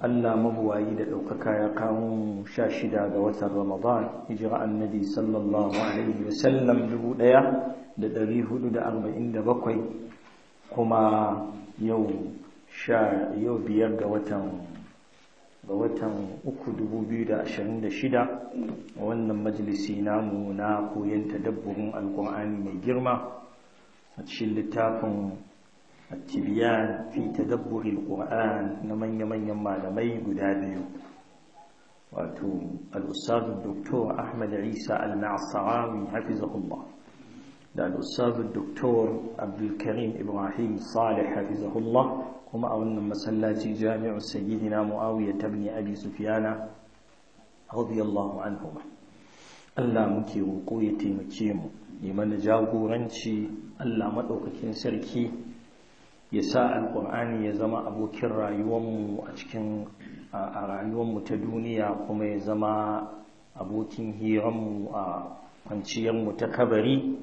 Allah mabuwayi da ɗaukaka ya kawo sha shida ga watan Ramadan, hijira annabi sallallahu Alaihi wasallam dubu ɗaya da ɗari hudu da arba'in da bakwai kuma yau sha yau biyar ga watan ga watan uku dubu biyu da ashirin da shida wannan majalisi namu na koyon tadabburin alkur'ani mai girma a cikin littafin التبيان في تدبر na manya-manyan malamai guda biyu. Wato الأستاذ الدكتور Ahmad isa al حفظه Hafizahullah, da al'usabin doktor abdulkarim ibrahim salih hafizahullah kuma a wannan masallaci jami'ar sayyidina ta tabni abi sufiyana radiyallahu anhu Allah muke roƙo ya taimake mu yi mana jagoranci Allah maɗaukakin sarki ya sa Alƙur'ani ya zama abokin rayuwanmu a cikin a rayuwanmu ta duniya kuma ya zama abokin hiranmu a kwanciyarmu ta kabari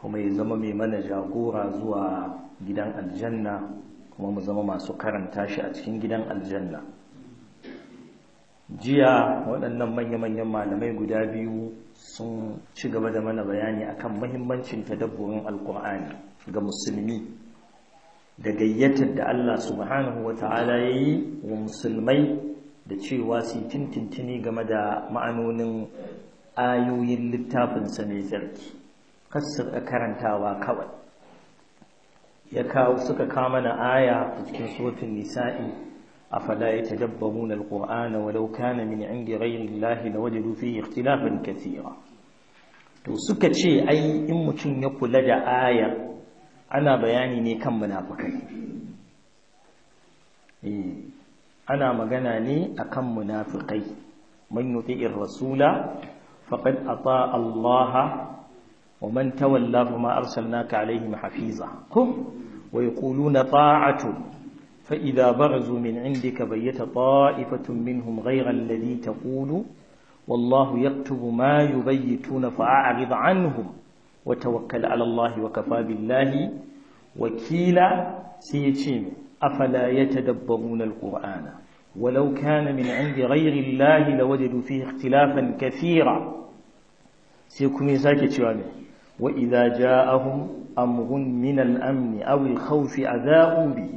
kuma ya zama mai mana jagora zuwa gidan aljanna kuma mu zama masu karanta shi a cikin gidan aljanna jiya waɗannan manya-manyan malamai guda biyu sun ci gaba da mana bayani akan muhimmancin tadabburin Alƙur'ani ga musulmi da gayyatar da Allah subhanahu wata'ala ya yi wa musulmai da cewa su tintintini game da ma'anonin ayoyin littafinsa mai tsarki kasar karantawa kawai ya kawo suka kama na aya a cikin sofin nisa'i a fada ya tadabbarun alƙur'ana walau kana min inda rayin lahi da waje rufi ikhtilafin kasira to suka ce ai in mutum ya kula da ayar ana bayani ne kan munafikai eh ana magana ne akan munafikai man yuti'ir rasula faqad ata Allah wa man tawalla ma arsalnaka alaihim hafiza ko wa yaquluna ta'atu fa idha barzu min indika bayyata ta'ifatun minhum ghayra alladhi taqulu والله يكتب ما يبيتون فأعرض عنهم وتوكل على الله وكفى بالله وكيلا سيتشيم أفلا يتدبرون القرآن ولو كان من عند غير الله لوجدوا فيه اختلافا كثيرا سيكون يساك تشوامي وإذا جاءهم أمر من الأمن أو الخوف أذاءوا به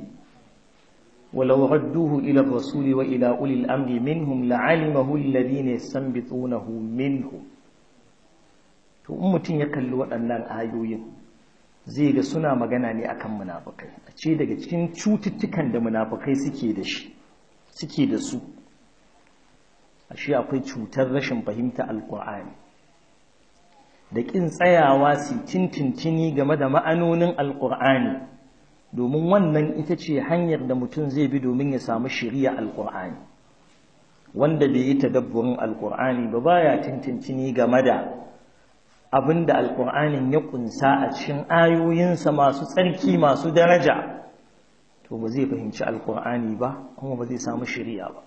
ولو ردوه إلى الرسول وإلى أولي الأمر منهم لعلمه الذين يستنبطونه منهم to in mutum ya kalli waɗannan ayoyin zai ga suna magana ne akan munafukai a ce daga cikin cututtukan da munafukai suke da shi suke da su a shi akwai cutar rashin fahimta alkur'ani da ƙin tsayawa su tintintini game da ma'anonin alkur'ani domin wannan ita ce hanyar da mutum zai bi domin ya samu shiriya alkur'ani wanda bai yi tadabburin alkur'ani ba baya tintintini game da abin da alƙur'anin ya ƙunsa a cikin ayoyinsa masu tsarki masu daraja to ba zai fahimci alƙur'ani ba kuma ba zai samu shari'a ba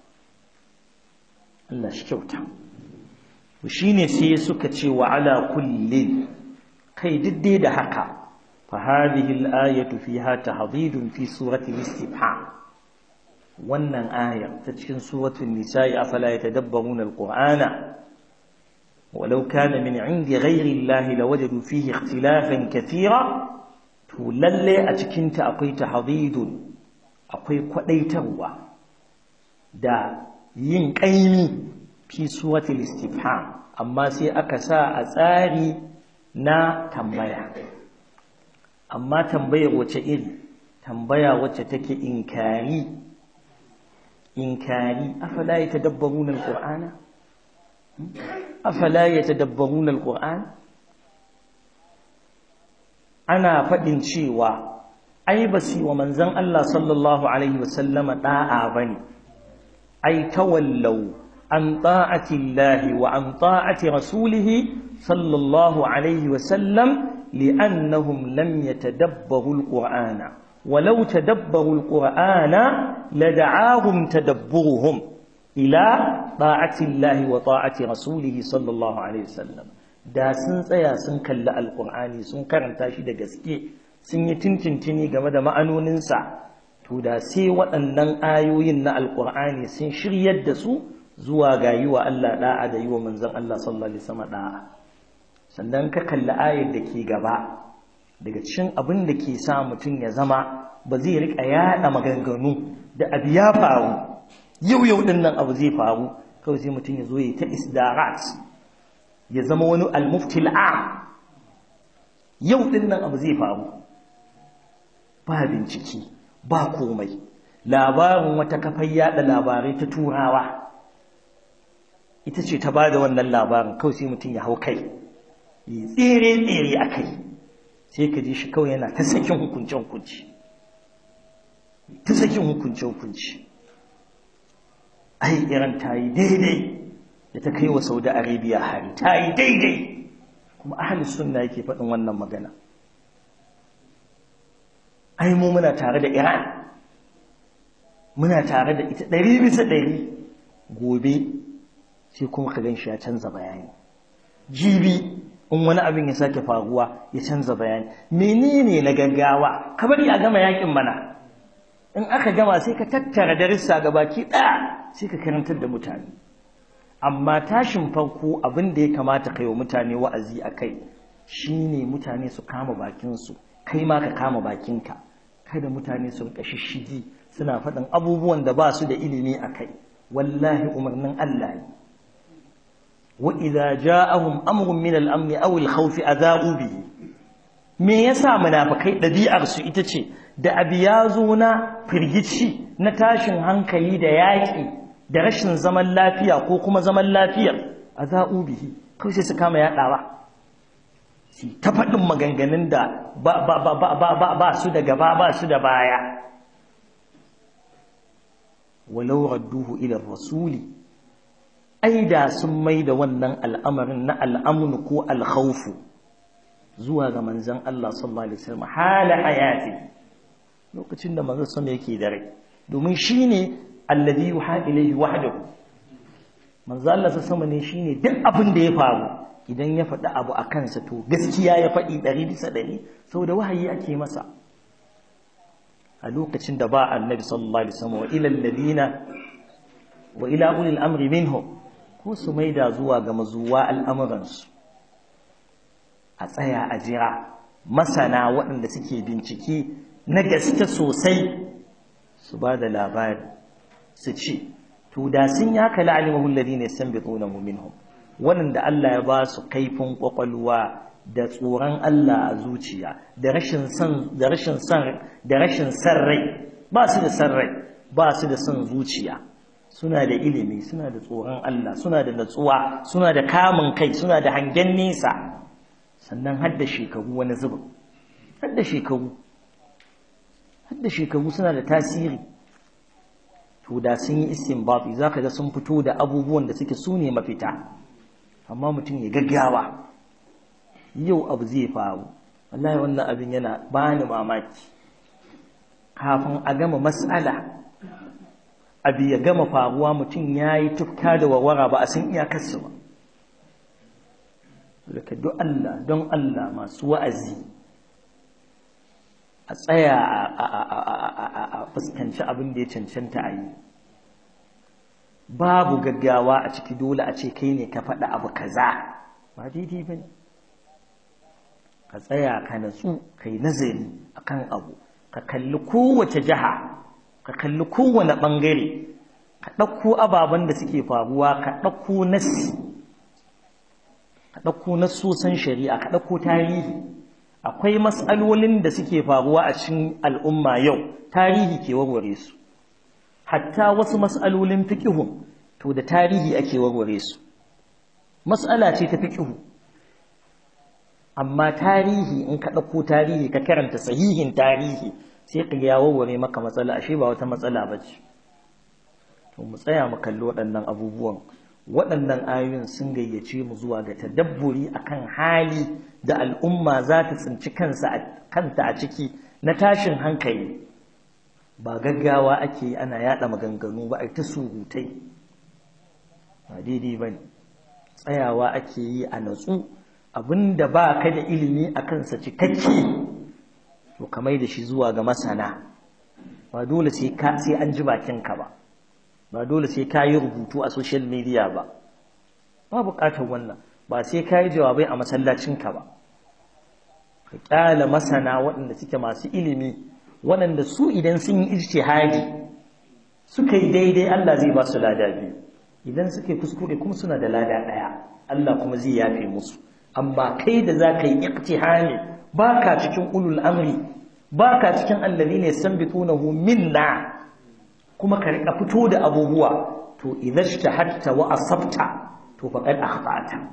Allah shi kyauta shi ne sai suka ce wa ala kullin kai diddai da haka فهذه fiha فيها fi في سورة الاستبحام wannan ayar ta cikin suratul nisa'i afala yatadabbaruna alqur'ana ولو كان من عند غير الله لوجدوا فيه اختلافا كثيرا to lalle a cikinta akwai tahdidun akwai kwadaitarwa da yin kaimi fi suwatil istifham amma sai aka sa a tsari na tambaya amma tambayar wace iri tambaya wacce take inkari inkari afala yatadabbaruna alqur'ana afala ya tadabbarun alquran ana faɗin cewa ai ba su wa manzon Allah sallallahu alaihi wasallama da'a bane ai tawallau an ta'ati wa an ta'ati rasulihi sallallahu alaihi wasallam li'annahum lam yatadabbaru ƙur'ana. walau tadabbaru alqur'ana lada'ahum tadabburuhum ila ta'atillahi wa ta'ati rasulihi sallallahu alaihi wasallam da sun tsaya sun kalli alqur'ani sun karanta shi da gaske sun yi tintintini game da ma'anoninsa to da sai waɗannan ayoyin na alqur'ani sun shiryar da su zuwa ga yi wa Allah da'a da yi wa manzon Allah sallallahu alaihi wasallam da'a sannan ka kalli ayar da ke gaba daga cikin abin da ke sa mutum ya zama ba zai riƙa yaɗa maganganu da abu ya faru yau yau din nan abu zai faru kawai sai mutum ya zo ya ta isdarat ya zama wani almuftil am yau din nan abu zai faru ba bincike ba komai labarin wata kafar yada labarai ta turawa ita ce ta bada wannan labarin kawai sai mutum ya hau kai yi tsere-tsere a kai sai ka ji shi kawai yana ta sakin hukuncin hukunci ta sakin hukuncin ai iran ta yi daidai da ta kai wa saudi arabia hari ta yi daidai kuma ahli sunna yake faɗin wannan magana ai mu muna tare da iran muna tare da ita ɗari bisa ɗari gobe sai kuma ka gan shi ya canza bayani jibi in wani abin ya sake faruwa ya canza bayani menene na gaggawa kamar ya gama yakin mana in aka gama sai ka tattara darussa ga baki ɗaya sai ka karantar da mutane amma tashin farko abin da ya kamata kai wa mutane wa'azi a kai shine mutane su kama bakinsu kai ma ka kama bakinka kada mutane su rika shishigi suna faɗin abubuwan da ba su da ilimi a kai wallahi umarnin Allah ne wa idza ja'ahum amrun min al-amn aw al-khawf adha'u bihi me yasa munafikai su ita ce da abu ya zo na firgici na tashin hankali da yaƙi da rashin zaman lafiya ko kuma zaman lafiyar a za'u bihi kawai su kama yaɗawa ta faɗin maganganun da ba su da gaba ba su da baya walau radduhu ila rasuli ai da sun mai da wannan al'amarin na al'amnu ko al'haufu. zuwa ga manzon Allah sallallahu alaihi wasallam hala hayati lokacin da manzo sama yake da rai domin shine alladhi yuha ilayhi wahdahu manzo Allah sama ne shine duk abin da ya faru idan ya faɗi abu a kansa to gaskiya ya faɗi ɗari bisa ɗari saboda wahayi ake masa a lokacin da ba annabi sallallahu alaihi wasallam wa ila ladina, wa ila ulil amri minhum ko su maida zuwa ga mazuwa al'amuransu a tsaya a jira masana waɗanda suke bincike na gaske sosai su ba da labari su ce tudasin da sun ya kala alimahu alladhina yastanbitunahu minhum waɗanda Allah ya ba su kaifin kwakwalwa da tsoron Allah a zuciya da rashin san rai ba su da san rai ba su da san zuciya suna da ilimi suna da tsoron Allah suna da natsuwa suna da kamun kai suna da hangen nesa sannan hadda shekaru wani zubin Hadda shekaru duk da shekaru suna da tasiri to da sun yi istinbati za ka ga sun fito da abubuwan da suke sune mafita amma mutum ya gaggawa yau abu zai faru wallahi wannan abin yana bani mamaki kafin a gama matsala abu ya gama faruwa mutum ya yi tufka da warwara ba a san iyakarsa ba daga Allah don Allah masu wa'azi a tsaya a fuskanci abin da ya cancanta a yi babu gaggawa a ciki dole a ce kai ne ka faɗa abu kaza ba daidai ba ne ka tsaya ka natsu ka yi nazari kan abu ka kalli kowace jiha ka kalli kowane ɓangare ka ɗauko ababen da suke faruwa ka ɗauko nasu, ka ɗauko shari'a ka ɗauko tarihi akwai matsalolin da suke faruwa a cikin al'umma yau tarihi ke warware su hatta wasu matsalolin fikihun to da tarihi ake warware su matsala ce ta fiqhu amma tarihi in ka ɗauko tarihi ka karanta sahihin tarihi sai ka ya warware maka matsala ashe ba wata matsala ba ce to mu tsaya mu kalli waɗannan abubuwan waɗannan ayoyin sun gayyace mu zuwa ga tadabburi akan hali da al'umma za ta tsinci kanta a ciki na tashin hankali ba gaggawa ake yi ana yada maganganu ba a ta surutai ba daidai ba ne tsayawa ake yi a natsu abinda ba ka da ilimi a kansa cikakke to kamai da shi zuwa ga masana ba dole sai an ji bakinka ba ba dole sai ka yi rubutu a social media ba ba bukatar wannan ba sai ka yi jawabai a ka ba ka kyala masana waɗanda suke masu ilimi waɗanda su idan sun yi ijtihadi suka yi daidai Allah zai ba su lada biyu idan suke kuskure kuma suna da lada ɗaya Allah kuma zai yafe musu amma kai da za ka yi iktihami ba ka cikin ulul amri ba ka cikin allazi ne san bitunahu minna kuma ka riƙa fito da abubuwa to idashta hatta wa asabta to faqad akhta'ta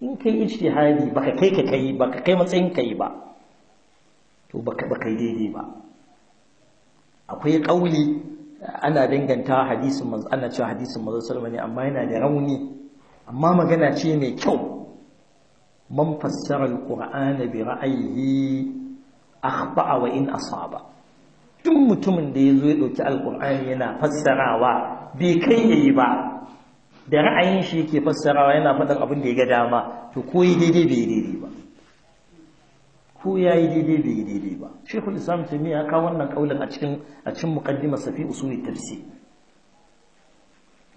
in kai ijtihadi baka kai ka kai baka kai matsayin kai ba to baka baka daidai ba akwai kauli ana danganta hadisin manzo ana cewa hadisin manzo sallallahu alaihi amma yana da rauni amma magana ce mai kyau man fassara alqur'ana bi ra'ayihi akhta'a wa in asaba duk mutumin da ya zo ya ɗauki alƙur'ani yana fassarawa bai kai ya yi ba da ra'ayin shi yake fassarawa yana faɗin abin da ya ga dama to ko yi daidai bai daidai ba ko ya yi daidai bai daidai ba shekul islam taimiyya ya kawo wannan ƙaulin a cikin a cikin muqaddimar safi usuli tafsir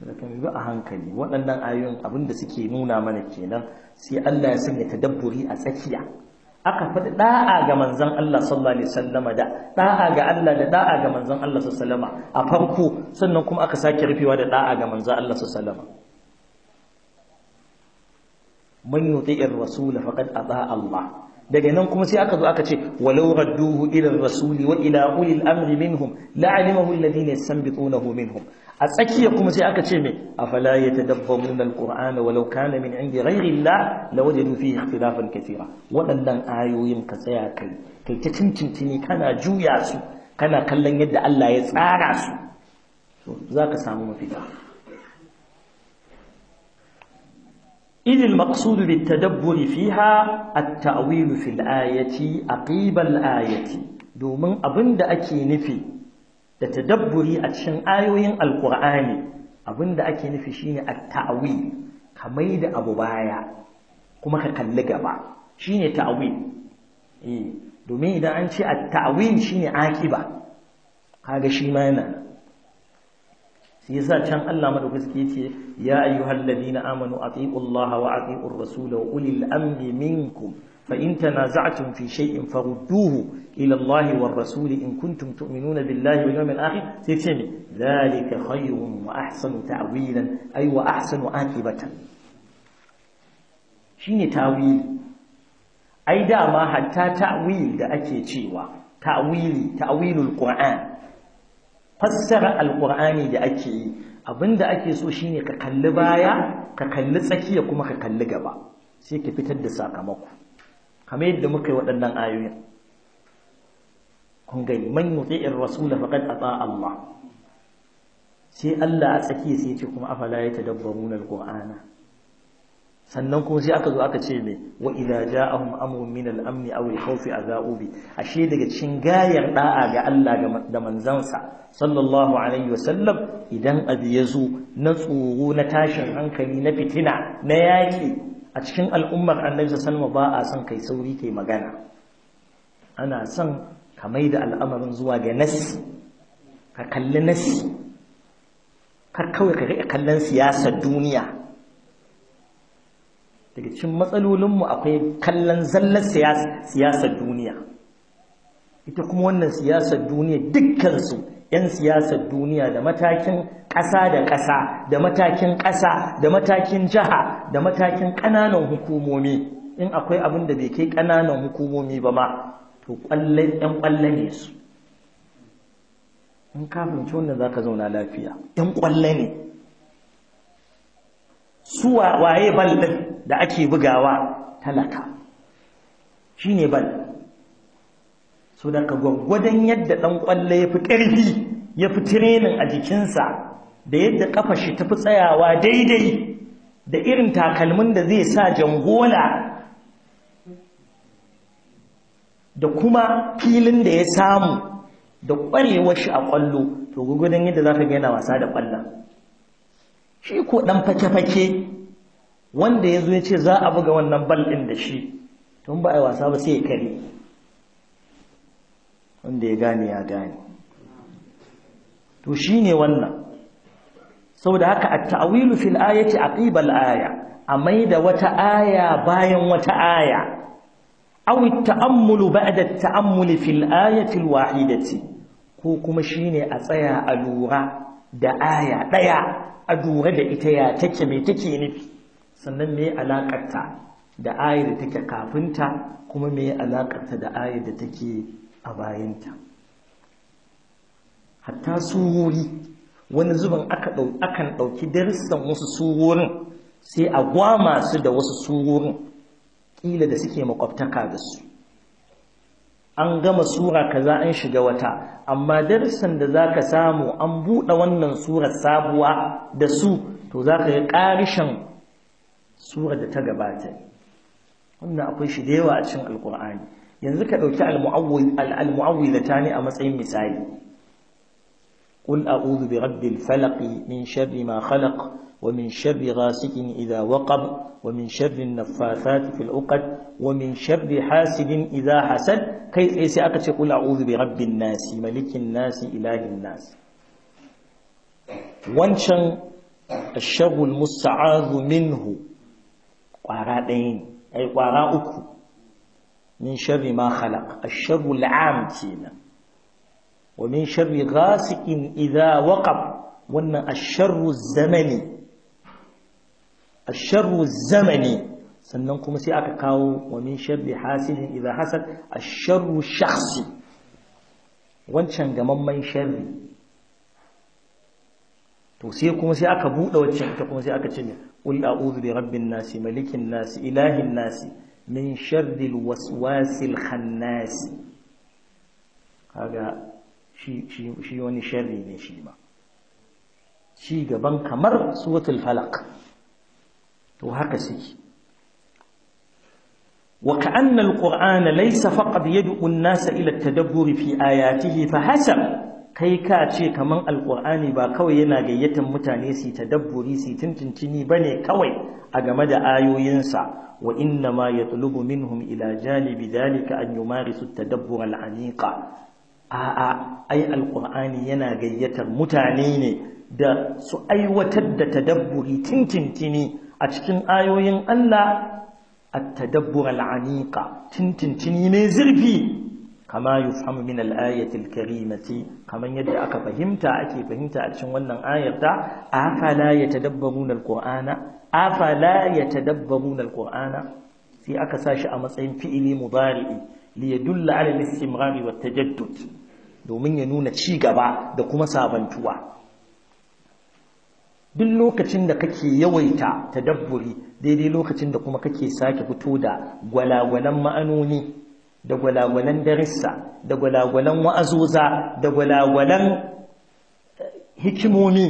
da kan bi a hankali waɗannan ayoyin abin da suke nuna mana kenan sai Allah ya sanya tadabburi a tsakiya aka faɗi da'a ga manzon Allah sallallahu alaihi wasallama da da'a ga Allah da da'a ga manzon Allah sallallahu alaihi wasallama a farko sannan kuma aka sake rufewa da da'a ga manzon Allah sallallahu alaihi wasallama man yuti'ir rasul faqad ata'a Allah daga nan kuma sai aka zo aka ce walau radduhu ila rasuli wa ila ulil amri minhum la'alimahu alladhina yastanbitunahu minhum a tsakiya kuma sai aka ce me afala yatadabbaruna alqur'ana walau kana min indi ghairi allah lawajadu fihi ikhtilafan kathira Waɗannan ayoyin ka tsaya kai kai ta cincintini kana juya su kana kallon yadda Allah ya tsara su zaka samu mafita إذ المقصود بالتدبر فيها التأويل في الآية أقيب الآية دومن أبند أكي نفي تتدبري أتشن آيوين القرآن أبند أكي نفي شين التأويل كميد أبو بايا كما كاللقى با شين تأويل إيه دومين إذا أنت التأويل شين عاكبة هذا شيء ما ينال shi yasa can Allah madaukaki yace ya ayyuhalladhina amanu atiiullaha wa atiiur rasula wa ulil amri minkum fa in tanaza'tum fi shay'in farudduhu ila Allahi war rasul in kuntum tu'minuna billahi wal yawmil akhir sai ce ne zalika khayrun wa ahsanu ta'wilan ay wa ahsanu aqibatan shine ta'wil ai dama hatta ta'wil da ake cewa ta'wili ta'wilul qur'an fassara Alƙur'ani da ake yi abinda ake so shine ka kalli baya ka kalli tsakiya kuma ka kalli gaba sai ka fitar da sakamako kamar yadda muka yi waɗannan ayoyin kun gani man yuti'ir rasul faqad ata Allah sai Allah a tsakiya sai ya ce kuma afala yatadabbaruna alqur'ana sannan kuma sai aka zo aka ce mai wa idza ja'ahum amrun min al-amn aw al-khawf adha'u bi ashe daga cikin gayar da'a ga Allah da manzansa sallallahu alaihi wasallam idan abi yazo na tsoro na tashin hankali na fitina na yaki a cikin al'ummar annabi sallallahu alaihi wasallam ba a son kai sauri kai magana ana son ka maida al'amarin zuwa ga nasi ka kalli nasi ka kawai ka kallon siyasar duniya daga cikin matsalolinmu akwai kallon zallar siyasar duniya ita kuma wannan siyasar duniya dukkansu 'yan siyasar duniya da matakin ƙasa da ƙasa da matakin ƙasa da matakin jiha da matakin ƙananan hukumomi in akwai abin da bai kai ƙananan hukumomi ba ma to ‘yan ƙwallon ne su in kafin wanda za ka zauna lafiya ‘yan ƙwallon ne su waye bal ɗin da ake bugawa talaka shi ne bal so ka gwaggwadon yadda ɗan ƙwallo ya fi ƙarfi ya fi tirenin a jikinsa da yadda ƙafa shi ta fi tsayawa daidai da irin takalmin da zai sa jangola da kuma filin da ya samu da ƙwarewa shi a ƙwallo to gwaggwadon yadda za ka gaina wasa da ƙwallon shi ko ɗan fake-fake wanda ya zo ya ce za a buga wannan bal ɗin da shi tun ba a yi wasa ba sai ya kare wanda ya gane ya gane to shi ne wannan saboda haka a ta'awilu fil a ƙibar aya a mai da wata aya bayan wata aya awi taammulu ba'da da taammuli fil ayati al-wahidati ko kuma shi ne a tsaya a lura da aya ɗaya a lura da ita ya take mai take nufi sannan me alaƙarta da ayar da take kafinta kuma me alaƙarta da ayar da take a bayanta hatta surori wani zuban akan ɗauki darussan wasu surorin sai a gwama su da wasu surorin ƙila da suke maƙwabtaka da su an gama sura kaza an shiga wata amma darussan da za ka samu an buɗe wannan surar sabuwa da su to za ka ga ƙarishin سورة تجبات قلنا أقول شيء ديوة عشان القرآن ينذكر لو تعلم معوذ المعوذ الثاني أم سعيد مثال قل أعوذ برب الفلق من شر ما خلق ومن شر غاسق إذا وقب ومن شر النفاثات في العقد ومن شر حاسد إذا حسد كيف إيسى قل أعوذ برب الناس ملك الناس إله الناس وانشن الشر المستعاذ منه ƙwara ɗaya ne ai ƙwara uku min sharri ma khalaq A sharru al-'am kenan wa min sharri ghasiqin idha waqab wannan a sharru zamani A sharru zamani sannan kuma sai aka kawo wa min sharri hasidin idha hasad A sharru shakhsi wancan gamamman sharri to sai kuma sai aka bude wacce ita kuma sai aka cinye ne qul a'udhu bi rabbin nas malikin nas ilahin nas min sharril waswasil khannas kaga shi shi shi wani sharri ne shi ma shi gaban kamar suratul falaq to haka suke وكأن القرآن ليس فقط يدعو الناس إلى التدبر في آياته فحسب kai ka ce kaman Alƙur'ani ba kawai yana gayyatar mutane su ta dabburi su tuntuncini ba ne kawai a game da ayoyinsa wa inna ma ya min minhum ila janibi dalika an dabbura tadabbur a a'a ai Alƙur'ani yana gayyatar mutane ne da su aiwatar da ta dabburi tuntuncini a cikin ayoyin Allah a ta dabbura al'anika tuntuncini mai zurfi kama yufhamu min al-ayati karimati yadda aka fahimta ake fahimta a cikin wannan ayar ta afala yatadabbaruna A qurana afala yatadabbaruna al-qur'ana sai aka sa shi a matsayin fi'ili mudari'i li yadulla ala al-istimrari tajaddud domin ya nuna ci gaba da kuma sabantuwa duk lokacin da kake yawaita tadabburi daidai lokacin da kuma kake sake fito da gwalagwalan ma'anoni da gwalagwalan darissa da gwalagwalan wa'azuza da gwalagwalan eh, hikimomi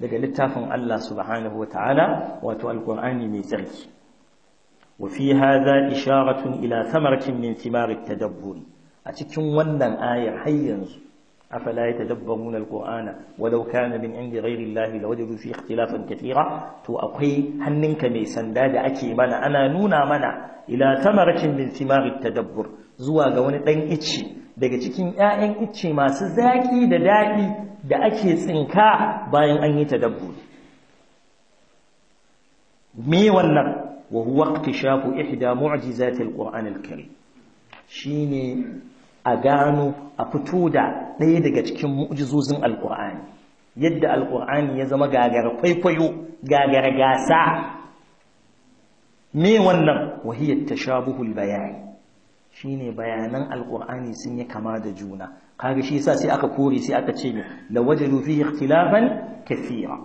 daga littafin Allah subhanahu wa ta'ala wato alkur'ani mai tsarki wa fi isharatun ila thamaratin min thimarit tadabburi a cikin wannan ayar har yanzu afala yatadabbaruna alqur'ana walau kana min indi ghairi llahi wajen fi ikhtilafan katira to akwai hannunka mai sanda da ake mana ana nuna mana ila thamaratin min thimarit tadabbur zuwa ga wani ɗan icci daga cikin 'ya'yan icce masu zaƙi da daɗi da ake tsinka bayan an yi ta dabbo. me wannan wa huwa da ihda za al ƙwa’an al shi ne a gano a fito da ɗaya daga cikin mu'jizozin al yadda al ya zama gagara kwaikwayo gagara gasa me wannan wa hiya buhul bayani shine bayanan Alƙur'ani sun yi kama da juna kaga shi yasa sai aka kore sai aka ce la wajadu fihi ikhtilafan kathira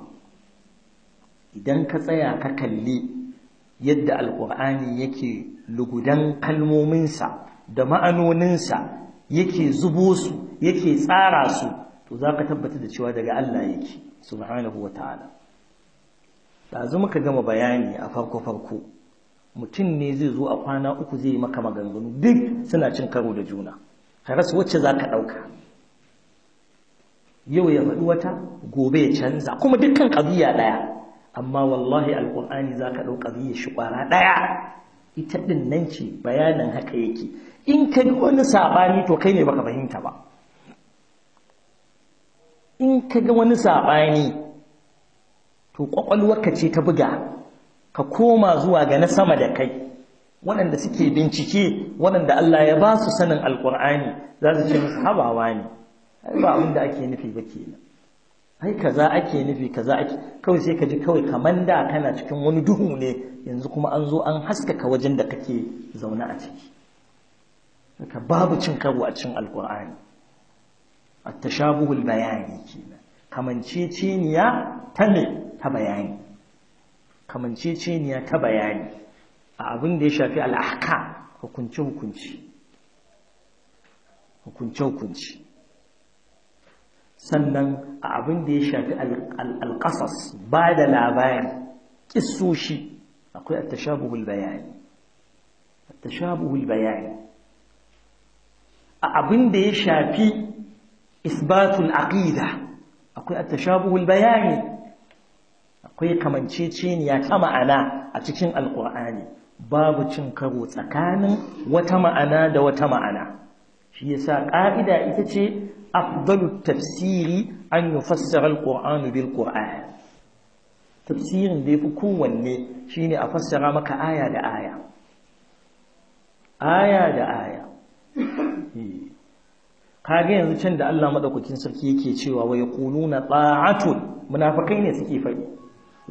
idan ka tsaya ka kalli yadda alkur'ani yake lugudan kalmominsa da ma'anoninsa yake zubo su yake tsara su to zaka tabbata da cewa daga Allah yake subhanahu wataala da muka gama bayani a farko farko mutum ne zai zo a kwana uku zai yi maka maganganu duk suna cin karo da juna ka rasa wacce za ka ɗauka yau ya faɗi wata gobe ya canza kuma dukkan ƙabiya ɗaya amma wallahi alƙur'ani za ka ɗauka zai shi ƙwara ɗaya ita ɗin nan ce bayanin haka yake in ka ga wani saɓani to kai ne baka fahimta ba in ka ga wani saɓani to ƙwaƙwalwarka ce ta buga ka koma zuwa ga na sama da kai waɗanda suke bincike waɗanda Allah ya ba su sanin alƙur'ani za su ce musu habawa ne ai ba abin da ake nufi ba ke nan ai kaza ake nufi kaza ake kawai sai ka ji kawai kaman da kana cikin wani duhu ne yanzu kuma an zo an haskaka wajen da kake zaune a ciki ka babu cin karo a cikin alƙur'ani at-tashabuhul bayani kenan kamanceceniya ta ne ta bayani kamanceceniya ta bayani a abin da ya shafi al'ahka hukunce-hukunce hukunce-hukunce sannan a abin da ya shafi alƙasas ba da labari ƙisoshi akwai a tashabuhul bayani tashabuhul bayani a abin da ya shafi isbatul aqida akwai a tashabuhul bayani akwai kamanceceniya ta ma'ana a cikin alkur'ani babu cin karo tsakanin wata ma'ana da wata ma'ana shi yasa ƙa'ida ita ce Abdul tafsiri an fassar alqur'anu bil qur'an tafsirin da ya fi kowanne shine a fassara maka aya da aya aya da aya eh. kage yanzu can da Allah madaukakin sarki yake cewa wa yaquluna ta'atun munafikai ne suke faɗi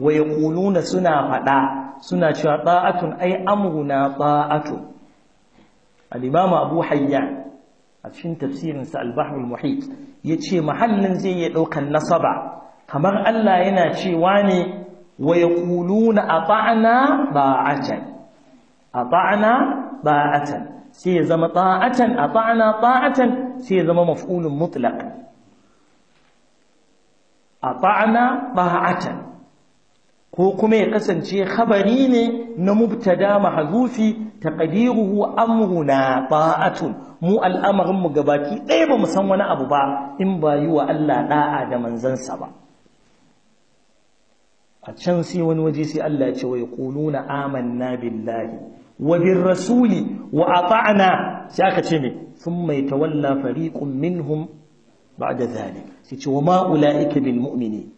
wa yaquluna suna fada suna cewa ta'atun ai amruna ta'atu al-imam abu hayya a cikin tafsirin sa al-bahr al-muhit yace mahallin zai ya daukan nasaba kamar Allah yana cewa ne wa yaquluna ata'na ta'atan ata'na sai ya zama ta'atan ata'na ta'atan sai ya zama maf'ulun mutlaq ata'na ta'atan ko kuma ya kasance khabari ne na mubtada mahzufi taqdiruhu amruna ta'atun mu al'amarin mu gabaki ɗaya ba mu san wani abu ba in ba yi wa Allah da'a da manzansa ba a can sai wani waje sai Allah ya ce na yaquluna amanna billahi wa bir rasuli wa ata'na sai aka ce me thumma yatawalla fariqun minhum ba'da dhalik sai ce wa ma ulaika bil mu'minin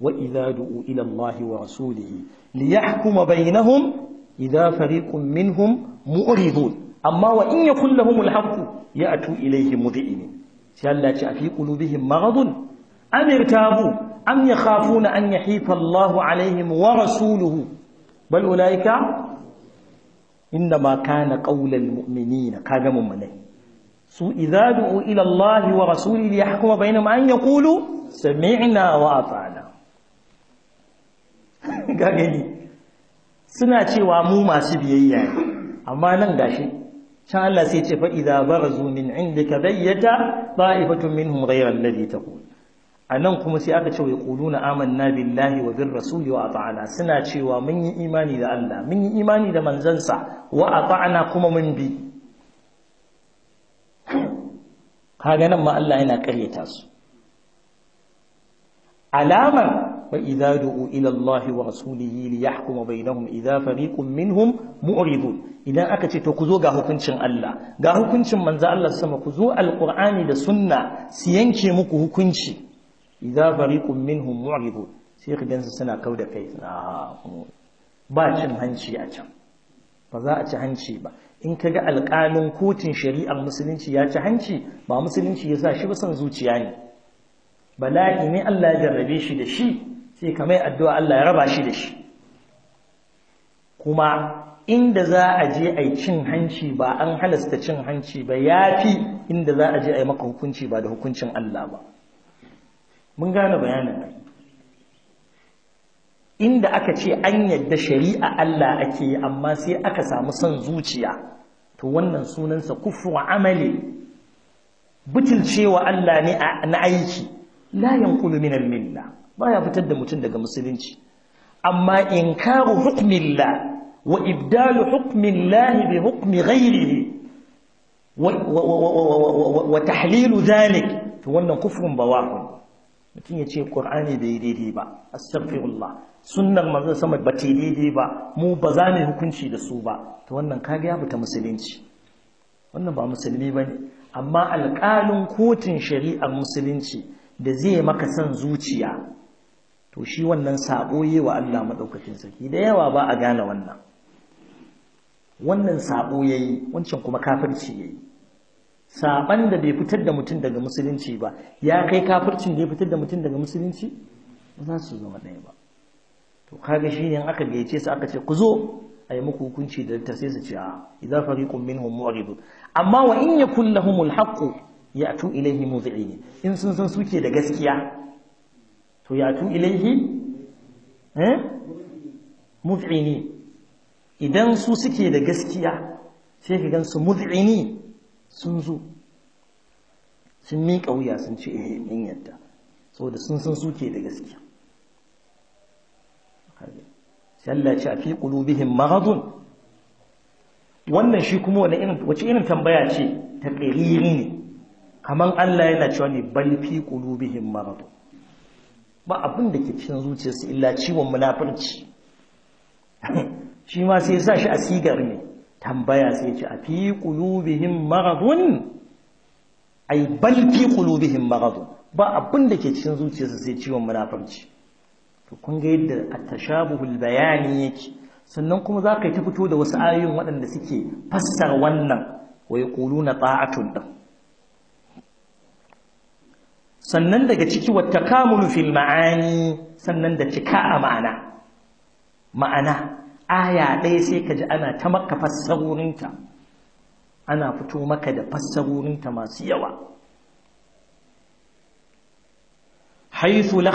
وإذا دعوا إلى الله ورسوله ليحكم بينهم إذا فريق منهم مؤرضون أما وإن يكن لهم الحق يأتوا إليه مذئنين سألة في قلوبهم مرض أم ارتابوا أم يخافون أن يحيف الله عليهم ورسوله بل أولئك إنما كان قول المؤمنين كاجم منه سو إذا دعوا إلى الله ورسوله ليحكم بينهم أن يقولوا سمعنا وأطعنا ga suna cewa mu masu biyayya ne amma nan gashi can Allah sai ce fa idza barazu inda ka bayyata ta'ifatun minhum ta alladhi a nan kuma sai aka ce Kulu na amanna billahi wa bir rasuli wa ata'ana suna cewa mun yi imani da Allah mun yi imani da manzansa wa kuma mun bi kaga nan ma Allah yana karyata su alamar وإذا دعوا إلى الله ورسوله ليحكم بينهم إذا فريق منهم معرضون إذا أكت تكذو غا حكمشن الله غا حكمشن منزا الله سما كذو القرآن da sunna su yanke muku hukunci idza fariqun minhum mu'ridun sai ka gansu suna kauda kai ah, ba cin hanci a can ba za a ci hanci ba in ka ga alƙalin kotun shari'ar musulunci ya ci hanci ba musulunci ya sa shi ba son zuciya ne bala'i ne Allah ya jarrabe shi da shi sai kamai addu'a Allah ya raba shi da shi kuma inda za a je a cin hanci ba an halasta cin hanci ba ya fi inda za a je a yi maka hukunci ba da hukuncin Allah ba mun gane bayanin inda aka ce an yadda shari'a Allah ake yi amma sai aka samu son zuciya to wannan sunansa wa amali butulcewa Allah ne na aiki la yanqulu min al-millah ba ya fitar da mutum daga musulunci amma in inkaru hukmillah wa ibdalu hukmillah bi hukmi ghairihi wa tahlilu zalik to wannan kufrun bawahun mutum ya ce ƙur'ani bai daidai ba astaghfirullah sunnar manzon sama ba ta daidai ba mu ba za mu hukunci da su ba to wannan kage ya fita musulunci wannan ba musulmi ba ne amma alƙalin kotun shari'ar musulunci da zai maka son zuciya to shi wannan sabo wa Allah maɗaukacin sarki da yawa ba a gane wannan wannan sabo yi, wancan kuma kafirci yi. Saɓan da bai fitar da mutum daga musulunci ba ya kai kafircin da ya fitar da mutum daga musulunci ba za su zama ɗaya ba to kaga shi ne aka gayyace su aka ce ku zo a yi muku hukunci da ta sai su ce a idza fariqun minhum mu'ridun amma wa in yakul lahumul haqq ya'tu ilayhi mudhi'in in sun san suke da gaskiya to ya tu ilaihi eh? mud'ini idan su suke da gaskiya sai ka gansu su mud'ini sun zo sun miƙa wuya sun ce eh in yadda saboda sun san suke da gaskiya sai Allah ce a fi bihin maghadun wannan shi kuma wani irin wace irin tambaya ce ta qiriri ne kaman Allah yana cewa ne bal fi bihin maghadun ba abin da ke cikin zuciyarsu illa ciwon munafurci shi ma sai sa shi a sigar ne tambaya sai ce a fi qulubihim maradun ai bal fi qulubihim maradun ba abin da ke cikin zuciyarsu sai ciwon munafurci to kun ga yadda atashabuhul bayani yake sannan kuma za ka yi ta fito da wasu ayoyin waɗanda suke fassara wannan wa na ta'atun din sannan daga ciki wata kamun fil ma'ani sannan da cika a ma'ana ma'ana aya ɗaya sai ka ji ana ta maka fassarorinta ana fito maka da fassarorinta masu yawa haithu la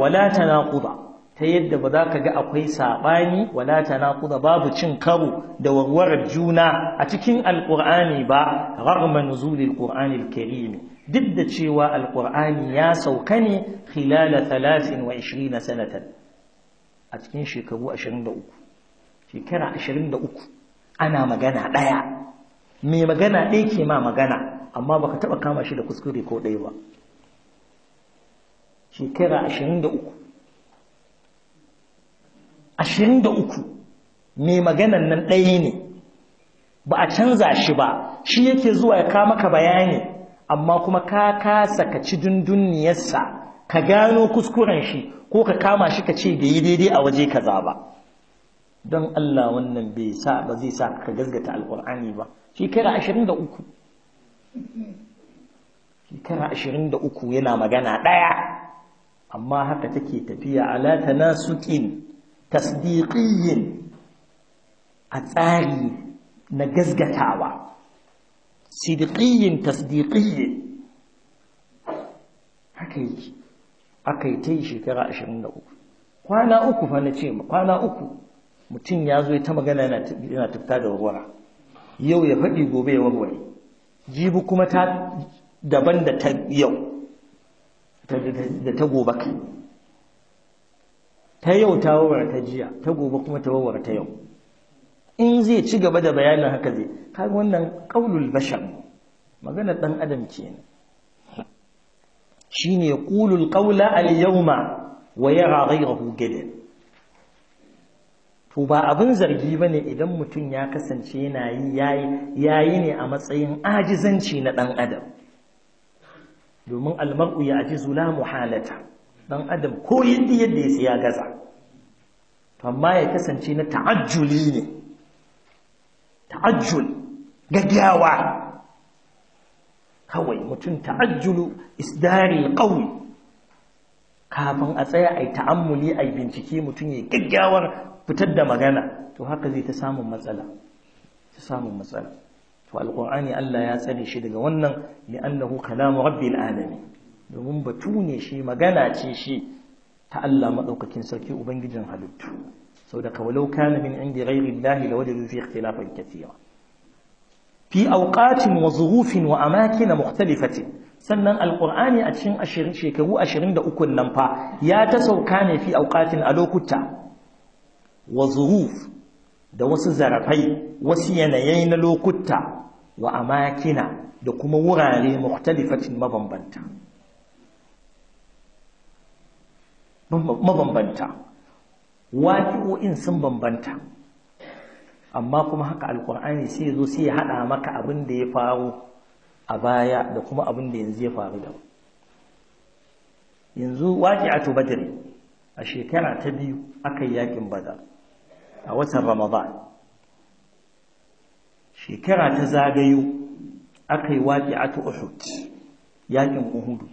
wala tanaquda ta yadda ba za ka ga akwai saɓani wala tanaquda babu cin karo da warwarar juna a cikin alƙur'ani ba ragman nuzulil qur'anil karim duk da cewa alƙur'ani ya sauka ne khilala 23 sanatan a cikin shekaru 23 shekara 23 ana magana ɗaya mai magana ɗaya ke ma magana amma baka taɓa kama shi da kuskure ko ɗaya ba shekara 23 23 mai maganan nan ɗaya ne ba a canza shi ba shi yake zuwa ya kama ka bayani amma kuma ka kasa ka ci dundunniyarsa ka gano kuskuren shi ko ka kama shi ka ce bai yi daidai a waje kaza ba don Allah wannan bai sa ba zai sa ka gazgata alkur'ani ba shekara 23 shekara 23 yana magana ɗaya amma haka take tafiya ala tanasuqin tasdiqiyyin a tsari na gazgatawa Sidiqiyin tasdiqiyyin haka yake aka yi ta yi shekara ashirin da uku kwana uku fa na ce kwana uku mutum ya zo ta magana yana tafta da warwara yau ya faɗi gobe ya warware jibi kuma ta daban da ta yau da ta gobe ta yau ta warware ta jiya ta gobe kuma ta warware ta yau in zai ci gaba da bayanin haka zai kaga wannan qaulul bashar magana ɗan adam ce ne shine yaqulul qawla al yawma wa yara ghayrahu gadan to ba abin zargi ba ne idan mutum ya kasance yana yi yayi ne a matsayin ajizanci na ɗan adam domin almar'u ya ajizu la muhalata ɗan adam ko yadda yadda ya gaza To amma ya kasance na ta'ajjuli ne ta'ajjul gaggawa kawai mutum ta'ajjulu isdari qawl kafin a tsaya ai ta'ammuli ai bincike mutum ya gaggawar fitar da magana to haka zai ta samun matsala ta samun matsala to alqur'ani Allah ya tsare shi daga wannan li'annahu kalamu rabbil alamin domin batune shi magana ce shi ta Allah madaukakin sarki ubangijin halittu صدق ولو كان من عند غير الله لوجدوا فيه اختلافا كثيرا في أوقات وظروف وأماكن مختلفة سنن القرآن أتشن أشرين شكو أشرين دأكل نمفا يا تسو كان في أوقات ألوكتا وظروف da wasu zarafai wasu yanayai na lokuta wa amakina da waƙi'o'in sun bambanta amma kuma haka alƙur'ani sai ya zo sai ya haɗa maka abin da ya faru a baya da kuma abin da yanzu ya faru da yanzu waƙi'atu badri a shekara ta biyu aka yi yaƙin bada a watan ramadan shekara ta zagayo aka yi waƙi'atu uhud yaƙin uhudu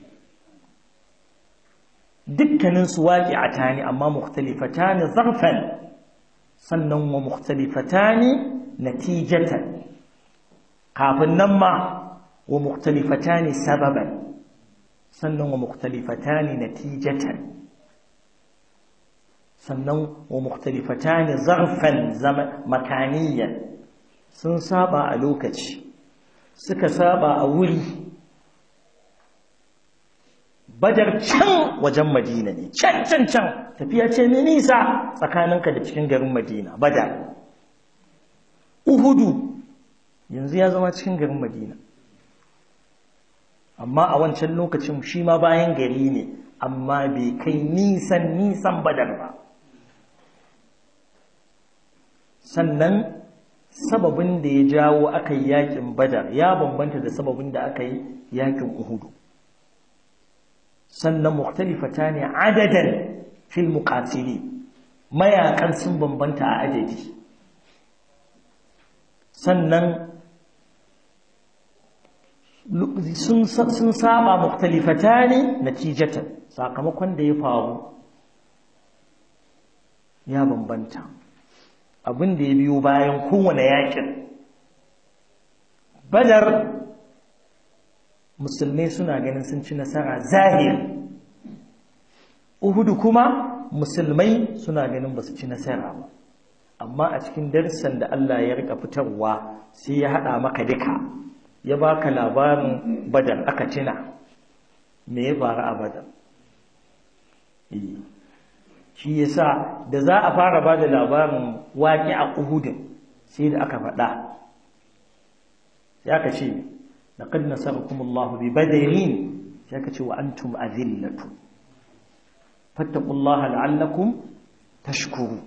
dukkanin su waqi'ata ne amma mukhtalifatan zarfan sannan wa mukhtalifatan natijatan kafin nan ma wa mukhtalifatan sababan sannan wa mukhtalifatan natijatan sannan wa mukhtalifatan zarfan makaniyan sun saba a lokaci suka saba a wuri badar can wajen madina ne can can can tafiya ce mai nisa tsakaninka da cikin garin madina badar uhudu yanzu ya zama cikin garin madina amma a wancan lokacin shi ma bayan gari ne amma bai kai nisan nisan badar ba sannan sababin da ya jawo aka yi yakin badar ya bambanta da sababin da aka yi yakin uhudu sannan mukhtalifata ne adadan fil muqatili mayakan sun bambanta a adadi sannan sun saba mukhtalifata ne natijatan sakamakon da ya faru ya bambanta abin da ya biyo bayan kowane yakin badar musulmai suna ganin sun ci nasara zahir. uhudu kuma musulmai suna ganin ba su ci nasara ba amma a cikin darsan da Allah ya rika fitarwa sai ya haɗa maka duka ya baka labarin badar aka tuna me ya faru a badar eh, shi yasa da za a fara ba da labarin waƙi a uhudin sai da aka faɗa Ya ka ce laqad nasarakum Allah bi badrin sai ka ce wa antum azillatu fattaqullaha la'allakum tashkuru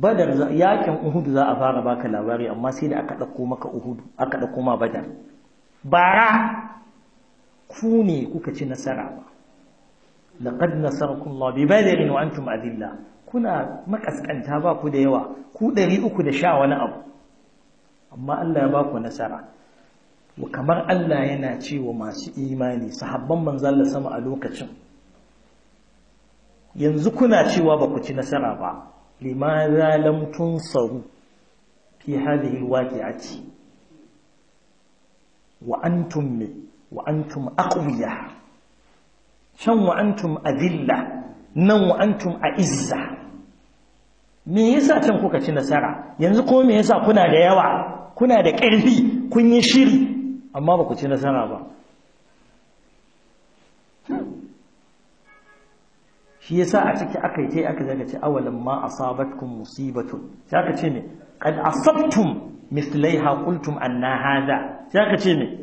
badar yakin uhud za a fara baka labari amma sai da aka dauko maka uhud badar bara ku ne kuka ci nasara ba laqad nasarakum Allah bi da wa antum adilla kuna makaskanta ba ku da yawa ku sha wani abu amma Allah ya baku nasara kamar Allah yana cewa masu imani sahabban manzon sama a lokacin yanzu kuna cewa ba ku ci nasara ba limaza lam tunsaru fi hadhihi alwaqi'ati wa antum wa antum aqwiya shan wa antum adilla nan wa antum izza me yasa can kuka ci nasara yanzu ko me yasa kuna da yawa kuna da ƙarfi kun yi shiri amma ba ku ci nasara ba shi yasa a ciki aka yi aka zaka ce awalin ma a asabatkum musibatun sai aka ce ne a asabtum mislai haƙultun anna hadha sai ce ne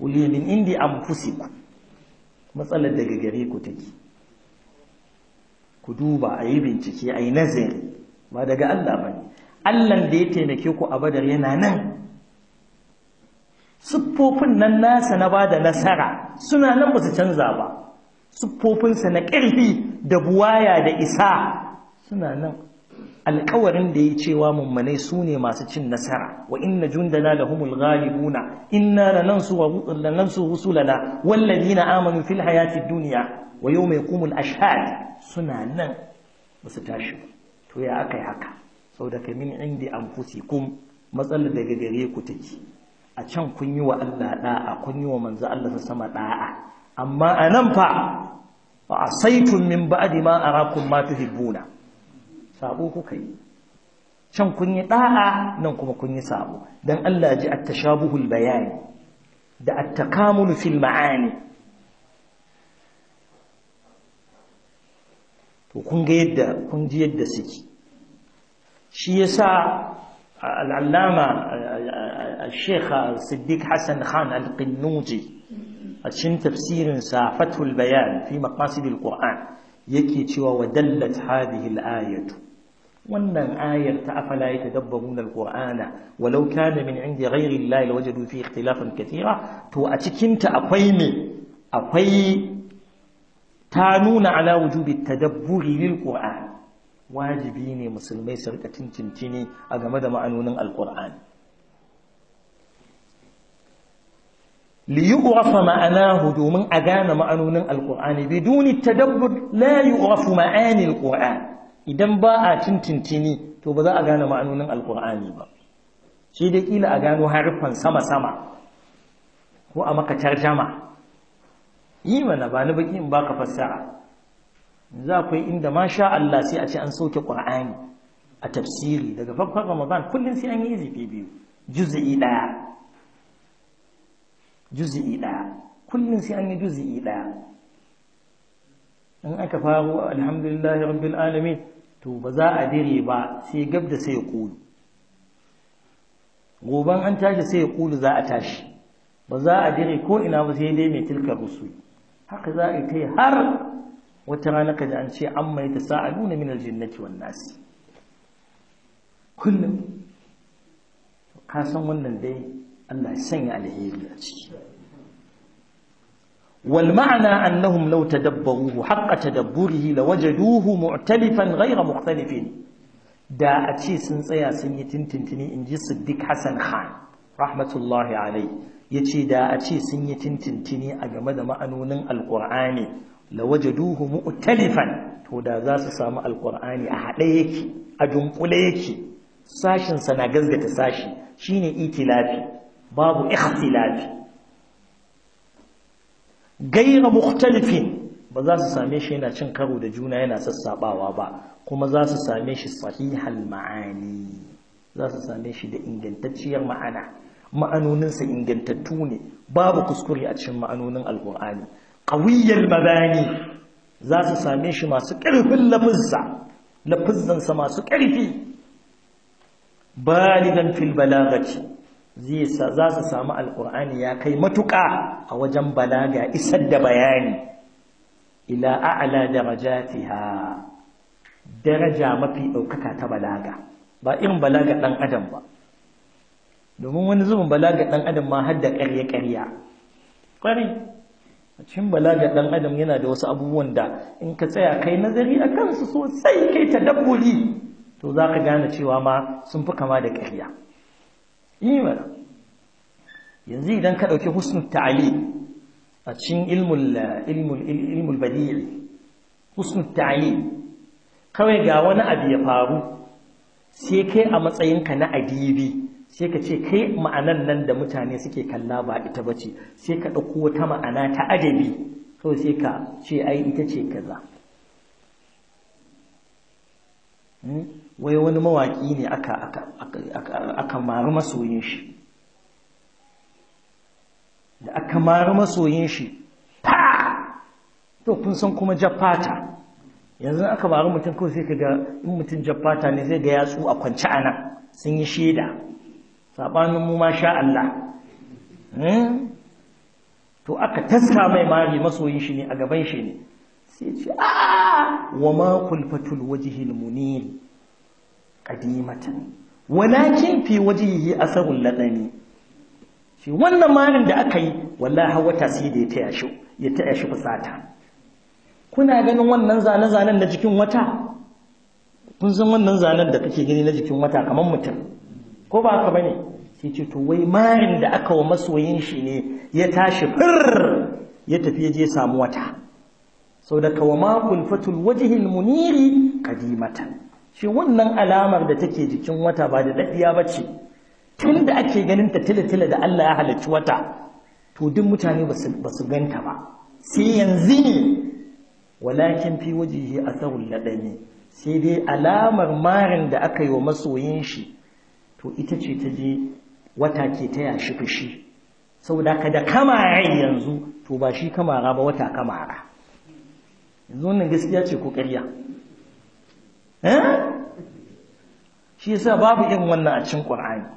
indi min indi ku matsalar daga gare ku take ku duba a yi bincike a yi nazari ba daga Allah ba ne Allahn da ya taimake ku a badar yana nan siffofin nan nasa na ba da nasara suna nan ba su canza ba siffofinsa na ƙirfi da buwaya da isa suna nan Alƙawarin da ya cewa mummanai su ne masu cin nasara wa inna jundana da ghalibuna inna lanansu wa lanansu rusulana walladina amanu fil hayati duniya, wa mai kumul ashad suna nan ba su tashi ba to ya aka yi haka sau daga min indi an kun matsalar daga gare ku take a can kun yi wa Allah da'a kun yi wa manzo Allah ta sama da'a amma a nan fa a saitun min ba'di ma arakum ma tuhibbuna sabo kuka yi can kun yi da'a nan kuma kun yi sabo dan Allah ji at-tashabuhul bayani da at-takamul fil ma'ani to kun yadda kun ji yadda suke shi yasa al'allama a sheikh siddiq hassan khan al-qinnuji a cikin tafsirin sa fathul bayan fi maqasid al-qur'an yake cewa wadallat hadhihi al-ayatu wannan ayar ta afala ya tadabbaruna al-qur'ana walau kana min inda ghayri allahi wajadu fi ikhtilafan katira to a cikin ta akwai ne akwai ta nuna ala wujubi tadabburi lil qur'an wajibi ne musulmai su rika tintintini a game da ma'anonin alkur'ani liyughrafa ma'anahu domin a gane ma'anonin alkur'ani biduni tadabbur la yughrafu ma'ani alkur'an idan ba a tintini to ba za a gane ma'anonin alkur'ani ba shi dai kila a gano harfan sama sama ko a makatar jama? yi mana ba ni baki in baka fassara za ku yi inda ma sha Allah sai a ce an soke ƙur'ani a tafsiri daga farkon Ramadan kullum sai an yi izifi biyu juz'i ɗaya juz'i ɗaya kullum sai an yi juz'i ɗaya in aka faru alhamdulillahi rabbil alamin to ba za a dire ba sai gab da sai ya kulu goban an tashi sai ya kulu za a tashi ba za a dire ko ina ba sai dai mai tilka rusul haka za a yi ta har wata rana ka ji an ce an mai ta sa'aluna min aljannati wan nas kullum ka san wannan dai Allah ya sanya alheri a ciki wal ma'ana annahum law tadabbaruhu haqqa tadabburihi lawajaduhu mu'talifan ghayra mukhtalifin da a ce sun tsaya sun yi tintintini in ji Siddiq Hassan Khan rahmatullahi alai yace da a ce sun yi tintintini a game da ma'anonin alqur'ani lawajaduhu mu'talifan to da za su samu alqur'ani a hade yake a dunkule yake sashin sa na gazgata sashi shine itilafi babu ikhtilafi gaira mukhtalifin ba za su same shi yana cin karo da juna yana sassabawa ba kuma za su same shi sahihal ma'ani za su same shi da ingantacciyar ma'ana ma'anoninsa ingantattu ne babu kuskure a cikin ma'anonin alkur'ani ƙawiyyar mabani za su same shi masu ƙarfin lafizza lafizzansa masu ƙarfi balidan fil balagaci za su samu alƙur'ani ya kai matuƙa a wajen balaga isar da bayani ila a'la darajatiha daraja mafi ɗaukaka ta balaga ba irin balaga ɗan adam ba domin wani zubin balaga ɗan adam ma har da ƙarya-ƙarya A cikin da ɗan adam yana da wasu abubuwan da in ka tsaya kai nazari a kansu sosai kai ta dabbobi to za ka gane cewa ma sun fi kama da ƙarya imana yanzu idan ka ɗauki husnu ta'ali a cikin ilmul badiyar husnu ta'ali kawai ga wani abu ya faru sai kai a matsayinka na adibi sai ka ce kai ma'anan nan da mutane suke kalla ba ita ba ce sai ka ɗauko wata ma'ana ta adabi to sai ka ce ai ita ce kaza hmm? wai wani mawaƙi ne aka mara masoyin shi da aka mara masoyin shi ta to kun san kuma jafata yanzu aka mara mutum kawai sai ka ga in mutum jafata ne zai ga yatsu a kwance a nan sun yi shaida sabanin mu ma sha Allah hmm? to aka taska mai mari masoyin shi ne a gaban shi ne sai ce a ah, wa ma kulfatul wajihil munir qadimatan walakin fi wajihi asarul ladani shi wannan marin da aka yi wallahi wata sai da ya taya shi ya taya shi fusata kuna ganin wannan zane-zanen na jikin wata kun san wannan zanen da kake gani na jikin wata kamar mutum ko ba haka bane sai ce to wai marin da aka wa masoyin shi ne ya tashi fir ya tafi ya je samu wata sau da kawa makon fatul wajihin muniri kadimatan shi wannan alamar da take jikin wata ba da daɗiya ba ce tun da ake ganin ta tilatila da Allah ya halarci wata to duk mutane ba su ganta ba sai yanzu ne walakin fi wajihi a tsawon laɗani sai dai alamar marin da aka yi wa masoyin shi to ita ce ta je wata ke taya shi fushi saboda ka da kamara yanzu to ba shi kamara ba wata kamara yanzu wannan gaskiya ce ko ƙarya eh? shi yasa babu irin wannan a cikin ƙur'ani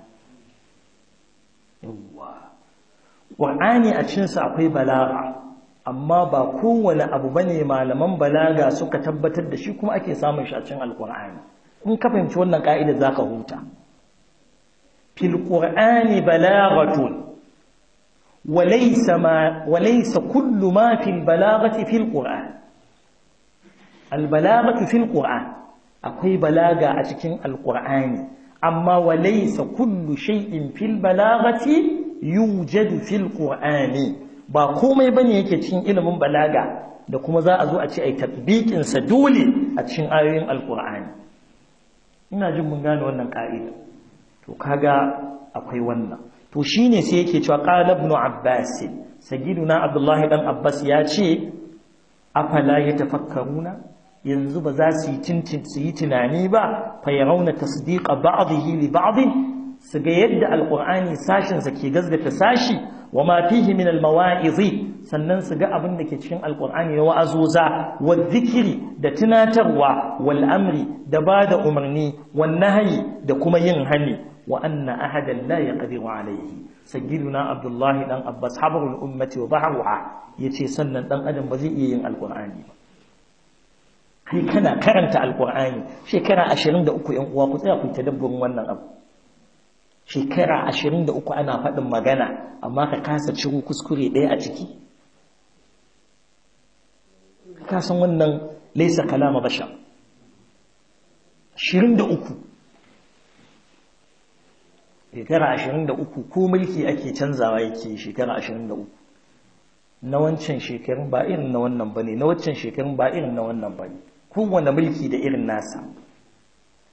yawwa ƙur'ani a cinsa akwai balaga amma ba kowane abu bane malaman balaga suka tabbatar da shi kuma ake samun shi a cikin alƙur'ani in ka fahimci wannan za ka huta في القرآن بلاغة وليس, ما وليس كل ما في البلاغة في القرآن البلاغة في القرآن أقوي بلاغة أتكين القرآن أما وليس كل شيء في البلاغة يوجد في القرآن باقوم يبني يكتين إلى من بلاغة لكم ذا أزوء a تطبيق سدولي ce آيين القرآن إنا جمعنا a cikin to kaga akwai wannan to shine sai yake cewa qala ibn abbas sayyiduna abdullahi dan abbas ya ce afala yatafakkaruna yanzu ba za su yi tintin su yi tunani ba fa yarawna tasdiqa ba'dihi li ba'd su ga yadda alqur'ani sashin sa ke gazgata sashi wa ma fihi min almawa'izi sannan su ga abin da ke cikin alqur'ani na wa'azuza wa dhikri da tunatarwa wal amri da bada umarni wan nahyi da kuma yin hani وأن أحدا لا يقدر عليه سجلنا عبد الله دان أباس حبر الأمة وبحرها يتي سنن دان أدم بزيئين القرآن kai kana karanta alkur'ani shekara 23 yan uwa ku tsaya ku tadabburin wannan abu shekara 23 ana faɗin magana amma ka kasa ciro kuskure ɗaya a ciki ka san wannan laisa kalama bashar 23 shekara ashirin da uku ko mulki ake canzawa yake shekara ashirin da uku na wancan shekarun ba irin na wannan ba ne na wancan shekarun ba irin na wannan ba ne kowane mulki da irin nasa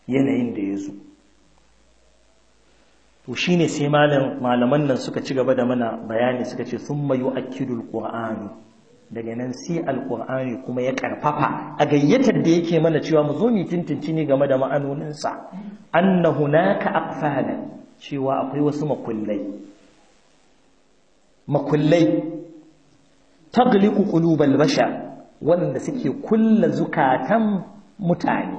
yanayin da ya zo to shi ne sai malaman nan suka ci gaba da mana bayani suka ce sun mayu akidul ƙur'ani daga nan sai alƙur'ani kuma ya ƙarfafa a gayyatar da yake mana cewa mu zo mu tintinci ne game da ma'anoninsa annahu naka aqfala cewa akwai wasu makullai makullai tagliqu qulubal bashar wanda suke kulla zukatan mutane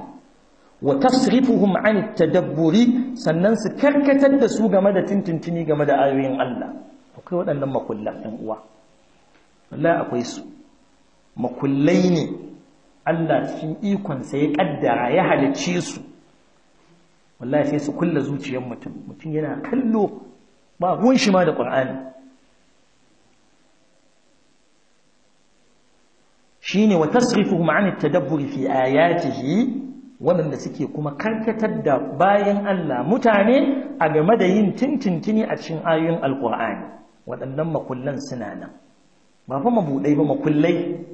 wa tasrifuhum an tadabburi sannan su karkatar da su game da tintintini game da ayoyin Allah akwai waɗannan makullan ɗan uwa wallahi akwai su makullai ne Allah cikin sa ya kaddara ya halicce su wallahi sai su kulla zuciyar mutum mutum yana kallo ba ruwan shi ma da ƙur'ani shine wa tasrifuhum an at-tadabbur fi ayatihi waɗanda suke kuma karkatar da bayan Allah mutane a game da yin tintintini a cikin ayoyin alkur'ani waɗannan makullan suna nan ba fa mabuɗai ba makullai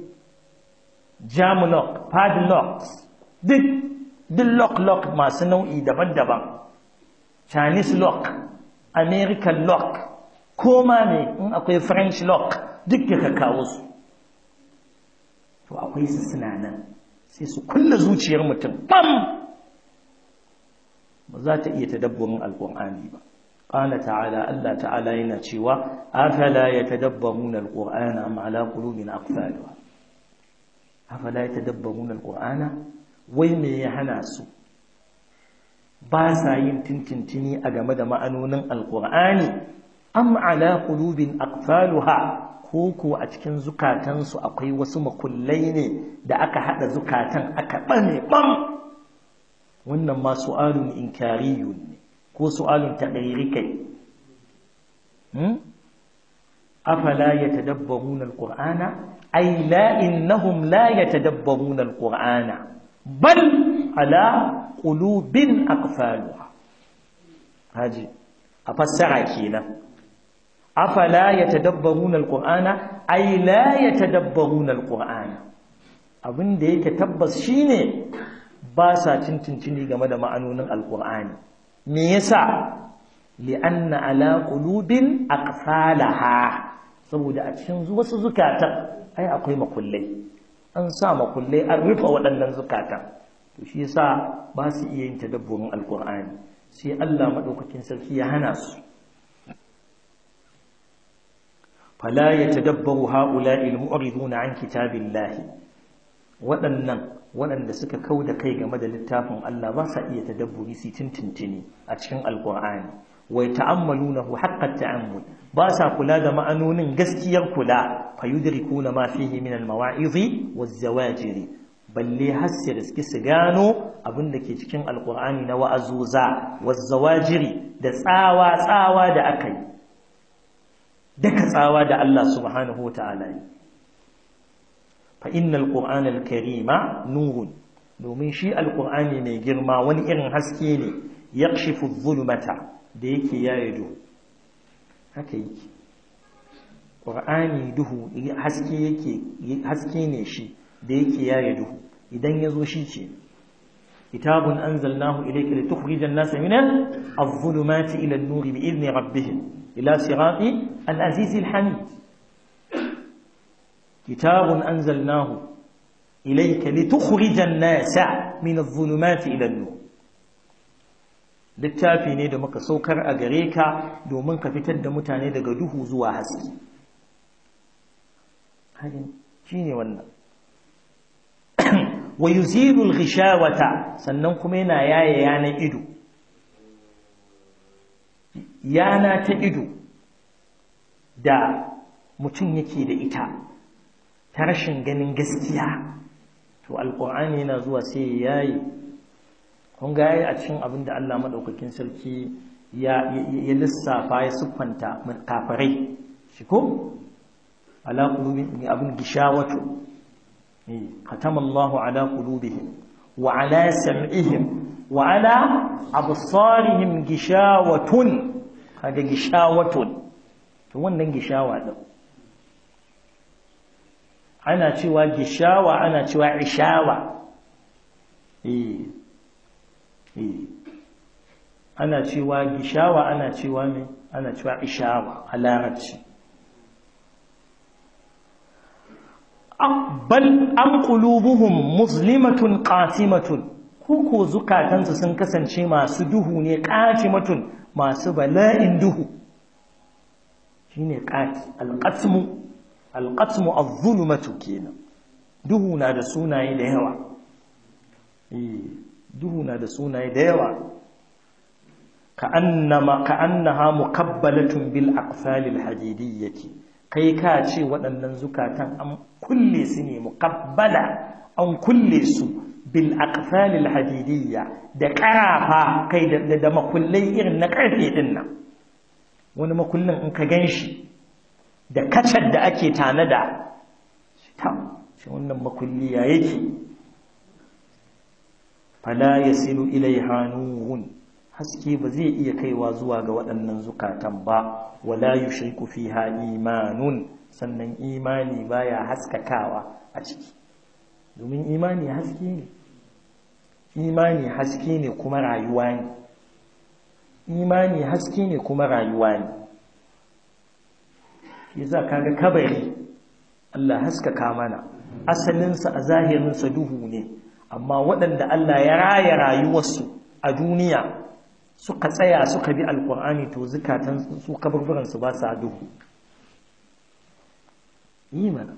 jamlock padlocks duk duk lock lock masu nau'i daban-daban chinese lock american lock koma ne in akwai french lock duk da ka kawo su to akwai su suna nan sai su kulle zuciyar mutum bam ba za ta iya tadabburin alkur'ani ba qala ta'ala Allah ta'ala yana cewa afala yatadabbaruna alqur'ana am ala qulubin ba afala yatadabbaruna alqur'ana wai me ya hana su ba sa yin tintintini a game da ma'anonin alkur'ani am ala qulubin aqfaluha ko ko a cikin zukatansu akwai wasu makullai ne da aka hada zukatan aka bane bam wannan ma su'alun inkariyun ne ko su'alun taqriri kai hmm afala yatadabbaruna alqur'ana ay la innahum la yatadabbaruna alqur'ana bal ala qulubin aqfaluha haji a fassara kenan afala yatadabbaruna alqur'ana ay la yatadabbaruna abin da yake tabbas shine ba sa cincincini game da ma'anonin alkur'ani me yasa li'anna ala qulubin aqfalaha saboda a cikin wasu zukatan ai akwai makullai an sa makullai an rufe waɗannan zukata to shi yasa ba su iya yin tadabburin alkur'ani sai Allah madaukakin sarki ya hana su fala yatadabbaru haula'i almu'riduna an kitabillahi waɗannan waɗanda suka kauda kai game da littafin Allah ba sa iya tadabburi su tintintini a cikin alkur'ani wai ta'ammalunahu haqqat ta'ammul ba sa kula da ma'anonin gaskiyar kula fayudrikuna ma fihi min al-mawa'izi waz balle har su riski su gano abin da ke cikin alkur'ani na wa'azuza waz-zawajiri da tsawa tsawa da aka yi daga tsawa da Allah subhanahu wa ta'ala yi fa innal qur'anal karima nurun domin shi alkur'ani mai girma wani irin haske ne yakshifu dhulmata da yake yaye duhu haka yake ƙur'ani duhu haske yake haske ne shi da yake yaye duhu idan ya zo shi ce kitabun anzalnahu ilayka litukhrijan nasa min adh-dhulumati ila an nuri bi idni rabbihim ila sirati al-aziz al-hamid kitabun anzalnahu ilayka litukhrijan nasa min adh-dhulumati ila an-nur littafi ne da muka saukar a gare ka domin ka fitar da mutane daga duhu zuwa haske shi ne wannan wa al ghishawata sannan kuma yana yaye yana ido yana ta ido da mutum yake da ita ta rashin ganin gaskiya to alqur'ani yana zuwa sai yayi kun ga a cikin abin da Allah maɗaukakin sarki ya lissafa ya siffanta kafirai shi ko ala qulubihim abin gishawatu khatama Allahu ala qulubihim wa ala sam'ihim wa ala absarihim gishawatun kaga gishawatun to wannan gishawa din ana cewa gishawa ana cewa ishawa eh ana cewa gishawa ana cewa ne ana cewa ishawa a larabci bal an qulubuhum muslimatun qasimatun ko zukatansu sun kasance masu duhu ne qatimatun masu bala'in duhu shine qati alqasmu alqasmu az-zulmatu kenan duhu na da sunaye da yawa eh. duhu na da sunaye da yawa ka'annama ka'annaha muqabbalatun bil aqfalil hadidiyyati kai ka ce waɗannan zukatan an kulle su ne muqabbala an kulle su bil aqfalil hadidiyya da karafa kai da da makullai irin na karfe dinnan. wani makullin in ka ganshi da kacar da ake tanada ta shi wannan makulli ya yake fala yasilu ilai nurun haske ba zai iya kaiwa zuwa ga waɗannan zukatan ba wala yushriku fiha imanun sannan imani baya haskakawa a ciki domin imani haske ne imani haske ne kuma rayuwa ne imani haske ne kuma rayuwa ne yasa kaga kabari Allah haskaka mana asalinsa a zahirinsa duhu ne amma waɗanda Allah ya raya rayuwarsu a duniya suka tsaya suka bi alkur'ani to zukatan su kaburburansu ba sa duhu yi mana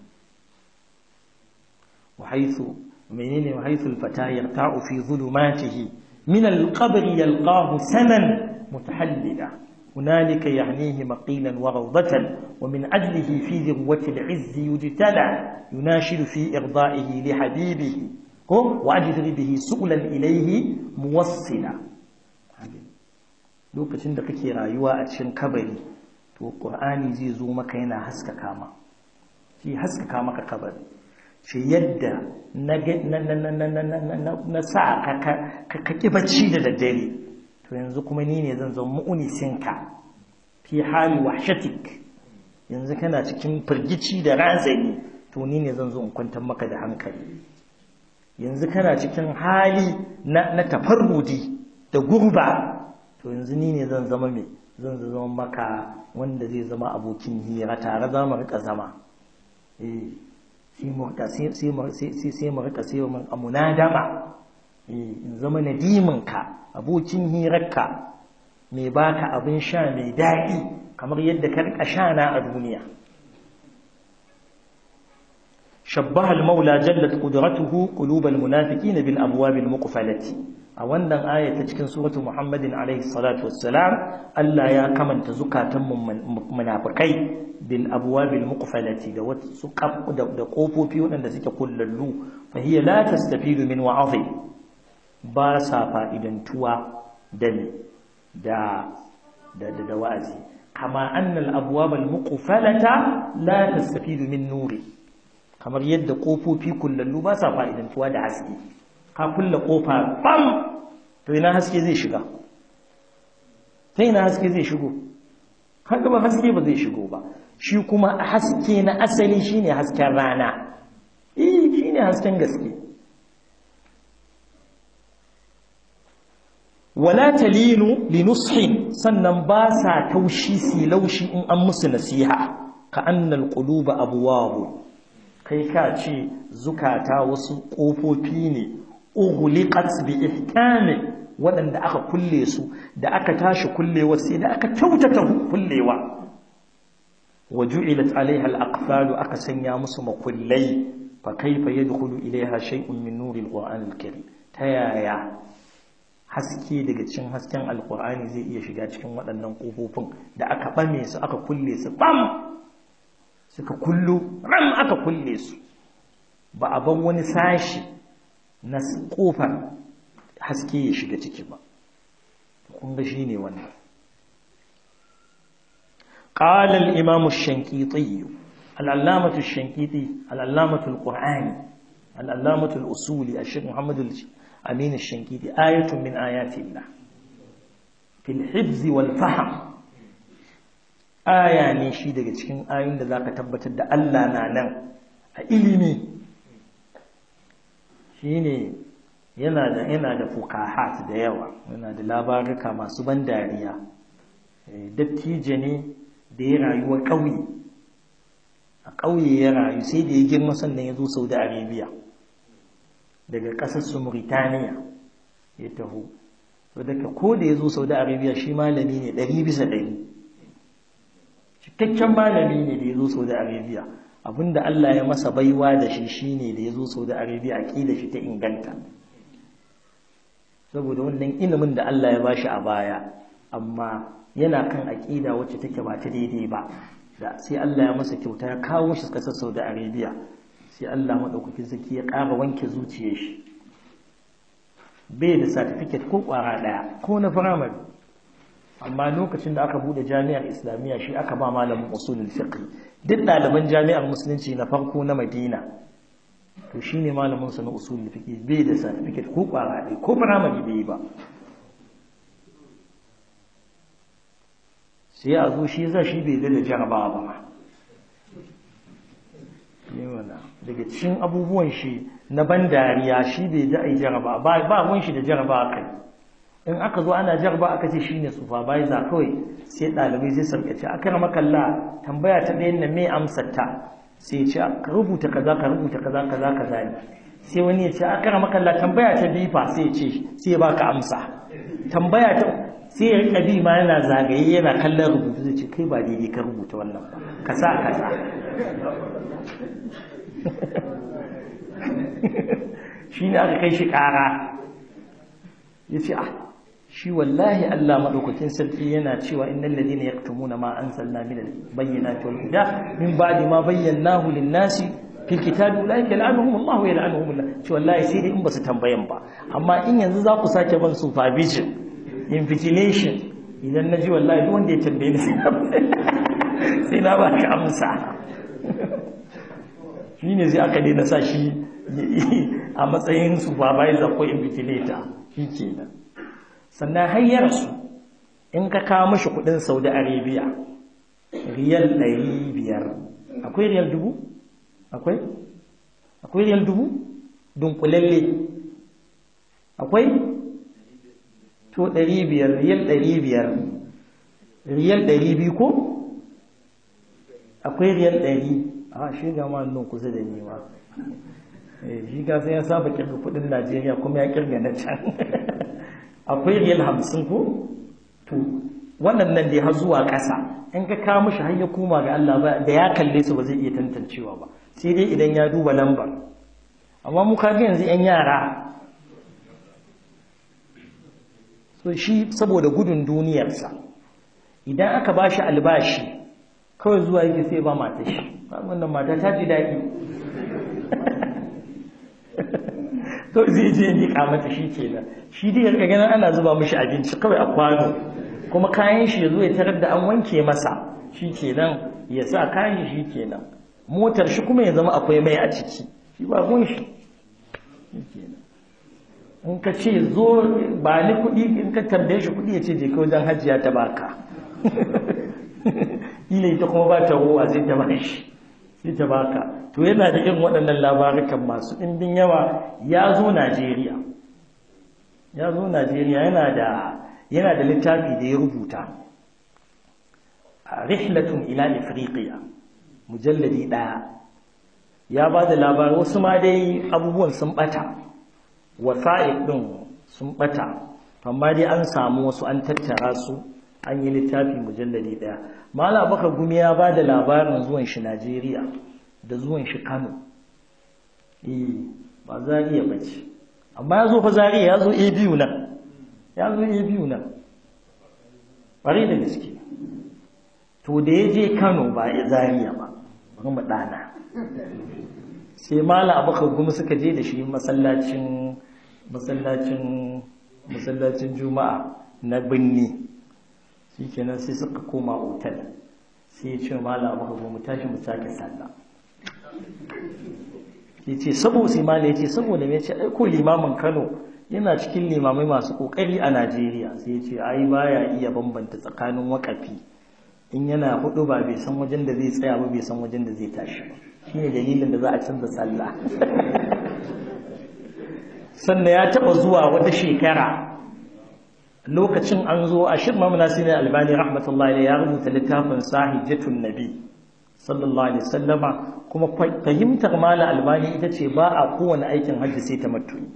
wahaisu menene wahaisu alfata yarta'u fi zulumatihi min alqabri yalqahu sanan متحللا هنالك يعنيه مقيلا وروضة ومن أجله في ذروة العز يجتلى يناشد في إرضائه لحبيبه ko wajidri bihi su'lan ilaihi muwassila lokacin da kake rayuwa a cikin kabari to qur'ani zai zo maka yana haskaka ma shi haskaka maka kabari shi yadda na sa ka ki bacci da daddare to yanzu kuma ni ne zan zama ka fi hali wahshatik yanzu kana cikin firgici da razani to ni ne zan zo in kwantar maka da hankali yanzu kana cikin hali na tafarrudi da gurba to yanzu ni ne zan zama mai zan zama maka wanda zai zama abokin hira tare za mu rika zama eh, sai mu rika sai mun amunadama eh, in zama nadiminka abokin hirarka mai baka abin sha mai daɗi kamar yadda ka rika sha na a duniya shabbaha al-maula jallat qudratuhu qulubal munafiqina bil abwabil muqfalati a wannan aya ta cikin suratu Muhammadin alaihi salatu wassalam Allah ya kamanta zukatan munafikai bil abwabil muqfalati da wasu da kofofi waɗanda suke kullallu fa hiya la tastafidu min wa'azi ba sa fa'idantuwa da da da wa'azi kama annal abwabal muqfalata la tastafidu min nuri kamar yadda kofofi kullallu ba sa fa'idantuwa da haske ka kulla kofa bam to ina haske zai shiga ta ina haske zai shigo haka ba haske ba zai shigo ba shi kuma haske na asali shine hasken rana eh shine hasken gaske wala talinu linushin sannan ba sa taushi si laushi in an musu nasiha ka annal quluba abwahu kai ka ce zukata wasu ƙofofi ne ughliqat bi ihkami waɗanda aka kulle su da aka tashi kullewa sai da aka kyautata kullewa wa ju'ilat al-aqfal aka sanya musu makullai fa kaifa yadkhulu ilayha shay'un min nuri al-qur'an al-karim ta yaya haske daga cikin hasken Alƙur'ani zai iya shiga cikin waɗannan ƙofofin da aka ɓame su aka kulle su bam Saka kullu ran aka kulle su ba a ban wani sashe na kofar haske ya shiga ciki ba kun ga shine wannan qala al-imam ash-shankiti al-allamah al-allamah al al-allamah al-usuli ash-shaykh muhammad al-amin ash-shankiti ayatun min ayati allah fil hifz wal faham. aya ne shi daga cikin ayun da za ka tabbatar da Allah na nan a ilimi shi ne yana da yana da fukahat da yawa yana da labaruka masu ban dariya eh, dattije ne da ya rayuwa ƙauye a ƙauye ya rayu sai da ya girma sannan ya zo saudi arabia daga ƙasar su mauritaniya ya taho wadda ko da ya zo saudi arabia shi malami ne ɗari bisa ɗari cikakken malami ne da ya zo saudi arabia abinda allah ya masa baiwa da shi shine da ya zo saudi arabiya a ƙi da shi ta inganta saboda wannan ilimin da allah ya ba shi a baya amma yana kan aƙida wacce take ba ta daidai ba da sai allah ya masa kyauta ya kawo shi kasar saudi arabia sai allah maɗaukakin zaki ya ƙara wanke zuciyar shi bai da satifiket ko ƙwara ɗaya ko na firamare amma lokacin da aka bude jami'ar islamiyya shi aka ba malamin usulul fiqh duk ɗaliban jami'ar musulunci na farko na madina to shine malamin sa na usulul fiqh bai da certificate ko kwara ko firamare bai ba sai a zo shi za shi bai da jaraba ba yawana daga cikin abubuwan shi na ban dariya shi bai da ai jaraba ba ba wani shi da jaraba kai in aka zo ana jarba aka ce shine za kawai sai ɗalibai sai sarka ce aka rama kalla tambaya ta ɗayan na mai amsar ta sai ce ka rubuta kaza ka rubuta kaza kaza kaza ne sai wani ya ce aka rama kalla tambaya ta bifa sai ce sai ba ka amsa tambaya ta sai ya rika bi ma yana zagaye yana kallon rubutu zai ce kai ba daidai ka rubuta wannan ba ka sa ka sa shi ne aka kai shi ƙara ya ce ah shi wallahi Allah madaukakin sarki yana cewa innal ladina yaktumuna ma anzalna min al-bayyinati wal huda min ba'di ma bayyanahu lin-nasi fil kitabi ulaika yal'anuhum Allah wa yal'anuhum Allah shi wallahi sai dai in basu tambayan ba amma in yanzu za ku sake ban supervision invigilation idan naji wallahi duk wanda ya tambaye ni sai na ba ka amsa shi ne sai aka daina sa shi a matsayin supervisor ko invigilator shi kenan sannan hayyar su in ka kawo mashi kudin saudi arabia riyal ɗari biyar akwai riyal dubu akwai akwai riyal dubu dunkulalle akwai to ɗari biyar riyal ɗari biyar riyal ɗari biyu ko akwai riyal ɗari a shi gama ma nan kusa da nema eh, shi ga sai ya saba kirga kudin najeriya kuma ya kirga na can akwai riyal hamsin ko to wannan nan da ya zuwa ƙasa in ka kawo mashi har ya koma ga Allah ba da ya kalle su ba zai iya tantancewa ba sai dai idan ya duba lambar amma mu kaga yanzu yan yara so shi saboda gudun duniyarsa idan aka ba shi albashi kawai zuwa yake sai ba mata shi wannan mata ta ji daɗi kawai zai je liƙa mata shi ke nan shi dai ya ganin ana zuba mishi abinci kawai a kwano kuma kayan shi ya zo ya tarar da an wanke masa shi ke nan ya sa kayan shi ke nan motar shi kuma ya zama akwai mai a ciki shi ba gun shi in ka ce zo ba ni kuɗi in ka tambaye shi kuɗi ya ce je ka wajen hajiya ta baka ila ita kuma ba ta ruwa zai ta shi sai ta baka to yana da irin waɗannan labarukan masu ɗimbin yawa ya zo Najeriya ya zo Najeriya yana da littafi da ya rubuta rihlatun ila afirikiya mujalladi ɗaya ya ba da labarai, wasu ma dai abubuwan sun ɓata, wasa'i ɗin sun ɓata. amma dai an samu wasu an tattara su an yi littafi mujalladi daya malam baka gumi ya ba da labarin zuwan shi najeriya da zuwan shi kano eh ba zariya ba ce amma ya zo fa zariya ya zo a biyu nan ya zo a biyu nan bari da gaske to da ya je kano ba ya zariya ba bari mu dana. sai mala baka gumi suka je da shi masallacin masallacin masallacin juma'a na binni shi kenan sai suka koma otal sai ya ce mala abu hagu mu tashi mu sake sallah ya ce saboda sai mala ya ce saboda mai ce aiko limamin kano yana cikin limamai masu kokari a najeriya sai ya ce ai ya iya bambanta tsakanin wakafi in yana hudu ba bai san wajen da zai tsaya ba bai san wajen da zai tashi ba shi ne dalilin da za a canza sallah sannan ya taɓa zuwa wata shekara lokacin an zo a shirma munasini albani rahmatullahi ya rubuta littafin sahijatun nabi sallallahu alaihi sallama. kuma fahimtar mala albani ita ce ba a kowane aikin hajji sai matuyi.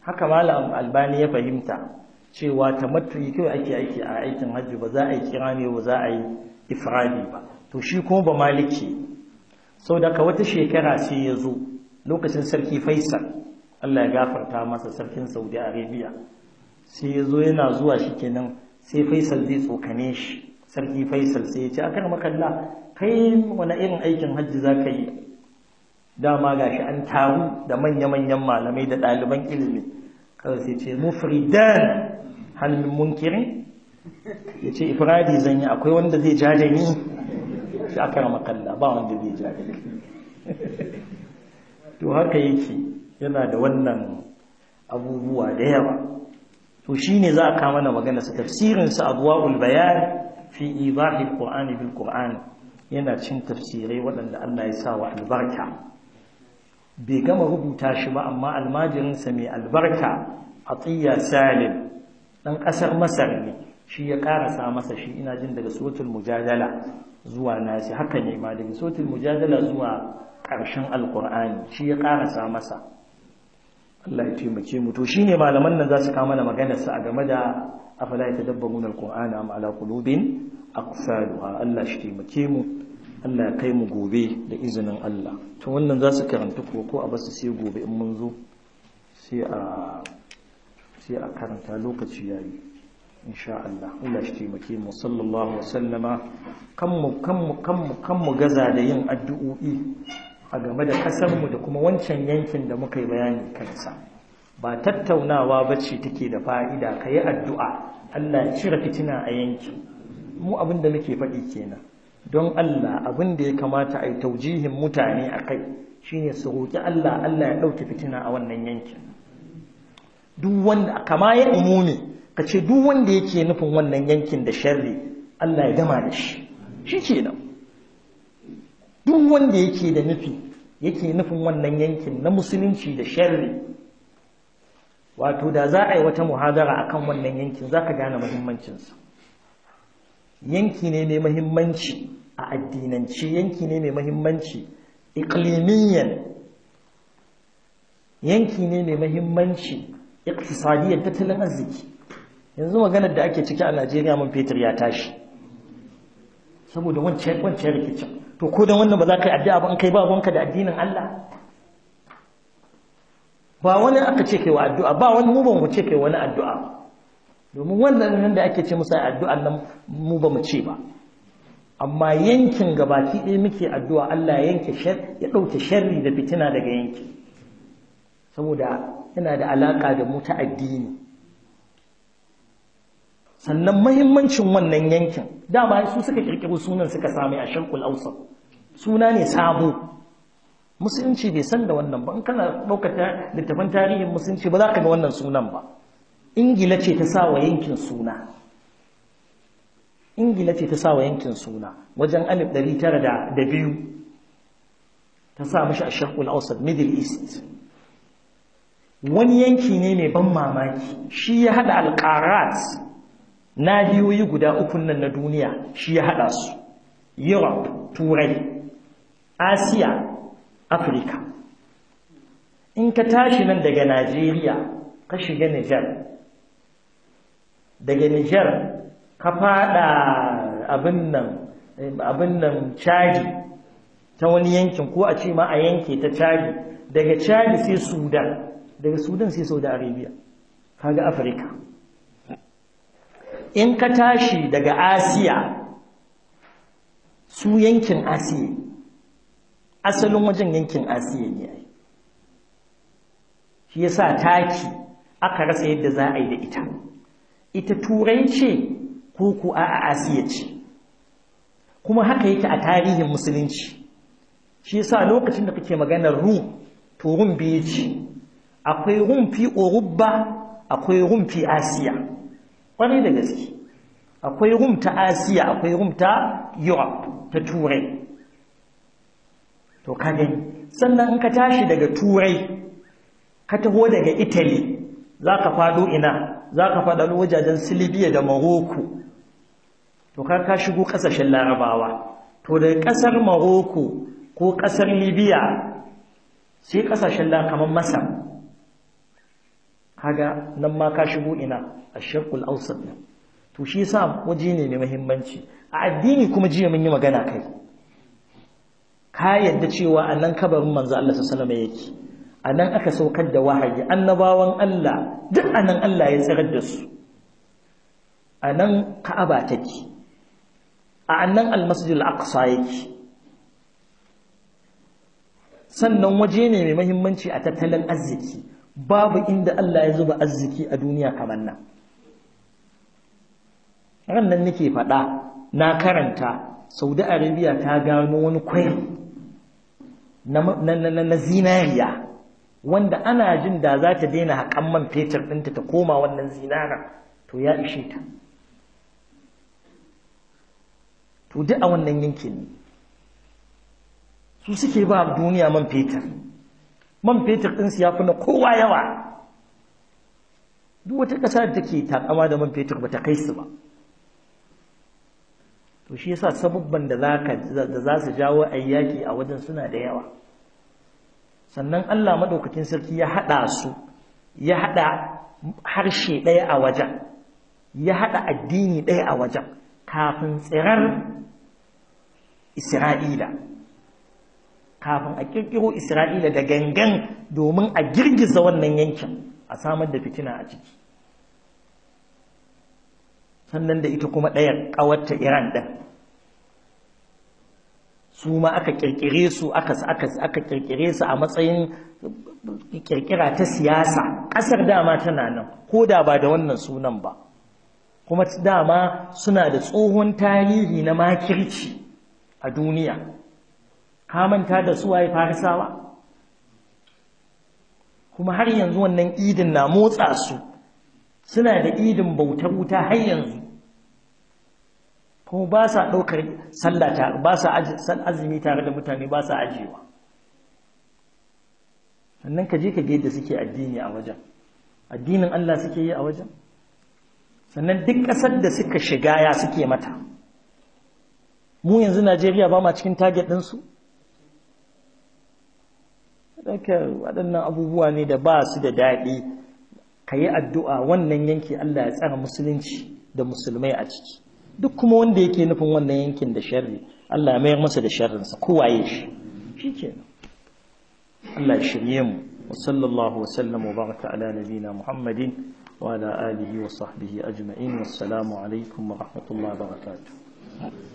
haka mala albani ya fahimta cewa matuyi kawai ake aiki a aikin hajji ba za a yi kirani ba za a yi ifradi ba to shi kuma ba maliki sau daga wata shekara sai ya zo lokacin sarki faisal Allah ya gafarta masa sarkin saudi arabia sai ya zo yana zuwa shi kenan sai faisal zai tsokane shi sarki faisal sai ya ce akan makalla kai wani irin aikin hajji za ka yi dama gashi an taru da manya-manyan malamai da ɗaliban ilimi kada sai ce mufridan hannun munkirin ya ce ifradi zan yi akwai wanda zai jaje ni shi akar makalla ba wanda zai jaje ni to haka yake yana da wannan abubuwa da yawa to shine za a kawo mana magana sa tafsirin sa abwaul bayan fi idahi alqur'ani bil qurani yana cin tafsirai waɗanda Allah ya sa wa albarka bai gama rubuta shi ba amma almajirinsa mai albarka atiya salim ɗan ƙasar masar ne shi ya ƙarasa masa shi ina jin daga sotul mujadala zuwa nasi haka ne ma daga sotul mujadala zuwa ƙarshen alƙur'ani shi ya ƙarasa masa Allah ya taimake mu to shine malaman nan za su kama na maganar su a game da afala ya na alqur'ana am ala qulubin aqsaluha Allah shi taimake mu Allah ya kai mu gobe da izinin Allah to wannan za su karanta ko ko a ba su sai gobe in mun zo sai a sai a karanta lokaci yayi insha Allah Allah shi taimake mu sallallahu alaihi wasallama kan mu kan mu kan mu kan mu gaza da yin addu'o'i a game da ƙasarmu da kuma wancan yankin da muka yi bayani kansa ba tattaunawa ba ce take da fa'ida ka yi addu'a Allah cire fitina a yanki mu abin da muke faɗi kenan don Allah abin da ya kamata a yi taujihin mutane a kai shi ne su roƙi Allah Allah ya ɗauki fitina a wannan yankin kama ya umumi ka ce duk wanda yake nufin wannan yankin da sharri Allah ya gama da shi shi kenan duk wanda yake da nufi yake nufin wannan yankin na musulunci da sharri wato da za a yi wata a kan wannan yankin za ka gane muhimmancinsa yanki ne mai muhimmanci a addinance yanki ne mai muhimmanci iklimiyan yanki ne mai muhimmanci iktisadiyar tattalin arziki yanzu maganar da ake ciki a najeriya man fetur ya tashi saboda wancan rikicin to ko dan wannan ba za ka yi addu'a ba in kai ba da addinin Allah ba wani aka ce kai wa addu'a ba wani mu ba mu ce kai wani addu'a domin wannan nan da ake ce musa addu'a nan mu ba mu ce ba amma yankin gabaki ɗaya muke addu'a Allah yanke ya ɗauke sharri da fitina daga yanki saboda yana da alaka da mu ta addini sannan mahimmancin wannan yankin dama su suka kirkiro sunan suka sami a shirkul suna ne sabo musulunci bai san da wannan ba in kana ɗaukar littafin tarihin musulunci ba za ka ga wannan sunan ba ingila ce ta sa wa yankin suna ingila ce ta sa wa yankin suna wajen alif ɗari tara da biyu ta sa mashi a shirkul ausar middle east wani yanki ne mai ban mamaki shi ya haɗa alƙarat nahiyoyi guda ukun nan na duniya shi ya haɗa su europe turai asiya afirka in ka tashi nan daga najeriya ka shiga nijar daga nijar ka faɗa abin nan abin caji ta wani yankin ko a ce ma a yanke ta caji daga caji sai sudan daga sudan sai saudi arabia kaga afirka in ka tashi daga asiya su yankin asiya asalin wajen yankin asiya ne yi shi sa taki aka rasa yadda za a yi da ita ita turai ce ko ku a asiya ce kuma haka yake a tarihin musulunci shi sa lokacin da kake maganar Ru to biyu ce akwai rumfi orubba akwai rumfi asiya kwarai da gaske akwai rum ta asiya akwai rum ta europe ta turai to ka sannan in ka tashi daga turai ka taho daga italy za ka fado ina za ka faɗaɗo wajajen silibiya da maroko to ka ka shigo ƙasashen larabawa to daga ƙasar maroko ko ƙasar libya sai ƙasashen kamar masar haga nan ma ka shigo ina a shirkul ausa ne to shi yasa waje ne mai muhimmanci a addini kuma jiya mun yi magana kai ka yadda cewa anan kabarin manzo Allah sallallahu alaihi wasallam yake anan aka saukar da wahayi annabawan Allah duk anan Allah ya tsirar da su anan Ka'aba take a annan al aqsa yake sannan waje ne mai muhimmanci a tattalin arziki babu inda Allah ya zuba arziki a duniya kamar nan rannan nake faɗa na karanta saudi arabia ta gano wani kwai na zinariya wanda ana jin da za ta daina haƙan man fetur ɗinta ta koma wannan zinara to ya ishe ta to duk a wannan yankin ne su suke ba duniya man fetur man fetur ɗinsu ya fi na kowa yawa duk wata ƙasa da take takama da man fetur ba ta kai su ba to shi yasa sabubban da za su jawo ayyaki a wajen suna da yawa sannan Allah maɗaukakin sarki ya haɗa su ya haɗa harshe ɗaya a wajen ya haɗa addini ɗaya a wajen kafin tsirar isra'ila kafin a kirkiro isra'ila da gangan domin a girgiza wannan yankin a samar da fitina a ciki sannan da ita kuma ɗayar ƙawarta iran ɗin su ma aka kirkire su aka kirkire su a matsayin kirkira ta siyasa ƙasar dama tana nan ko da ba da wannan sunan ba kuma dama suna da tsohon tarihi na makirci a duniya ka manta da su waye farisawa kuma har yanzu wannan idin na motsa su suna da idin bautar wuta har yanzu kuma ba sa ɗaukar sallah ba sa azumi tare da mutane ba sa ajiyewa sannan ka je ka ga yadda suke addini a wajen addinin Allah suke yi a wajen sannan duk ƙasar da suka shiga ya suke mata mu yanzu Najeriya ba ma cikin target ɗinsu Daga waɗannan abubuwa ne da ba su da daɗi ka yi addu'a wannan yanki Allah ya tsara musulunci da musulmai a ciki duk kuma wanda yake nufin wannan yankin da sharri Allah ya mayar masa da sharrinsa ya shi shi ke Allah ya shirye mu wa sallallahu wa sallam wa baraka ala nabina muhammadin wa ala alihi wa sahbihi ajma'in wassalamu alaikum wa rahmatullahi wa barakatuh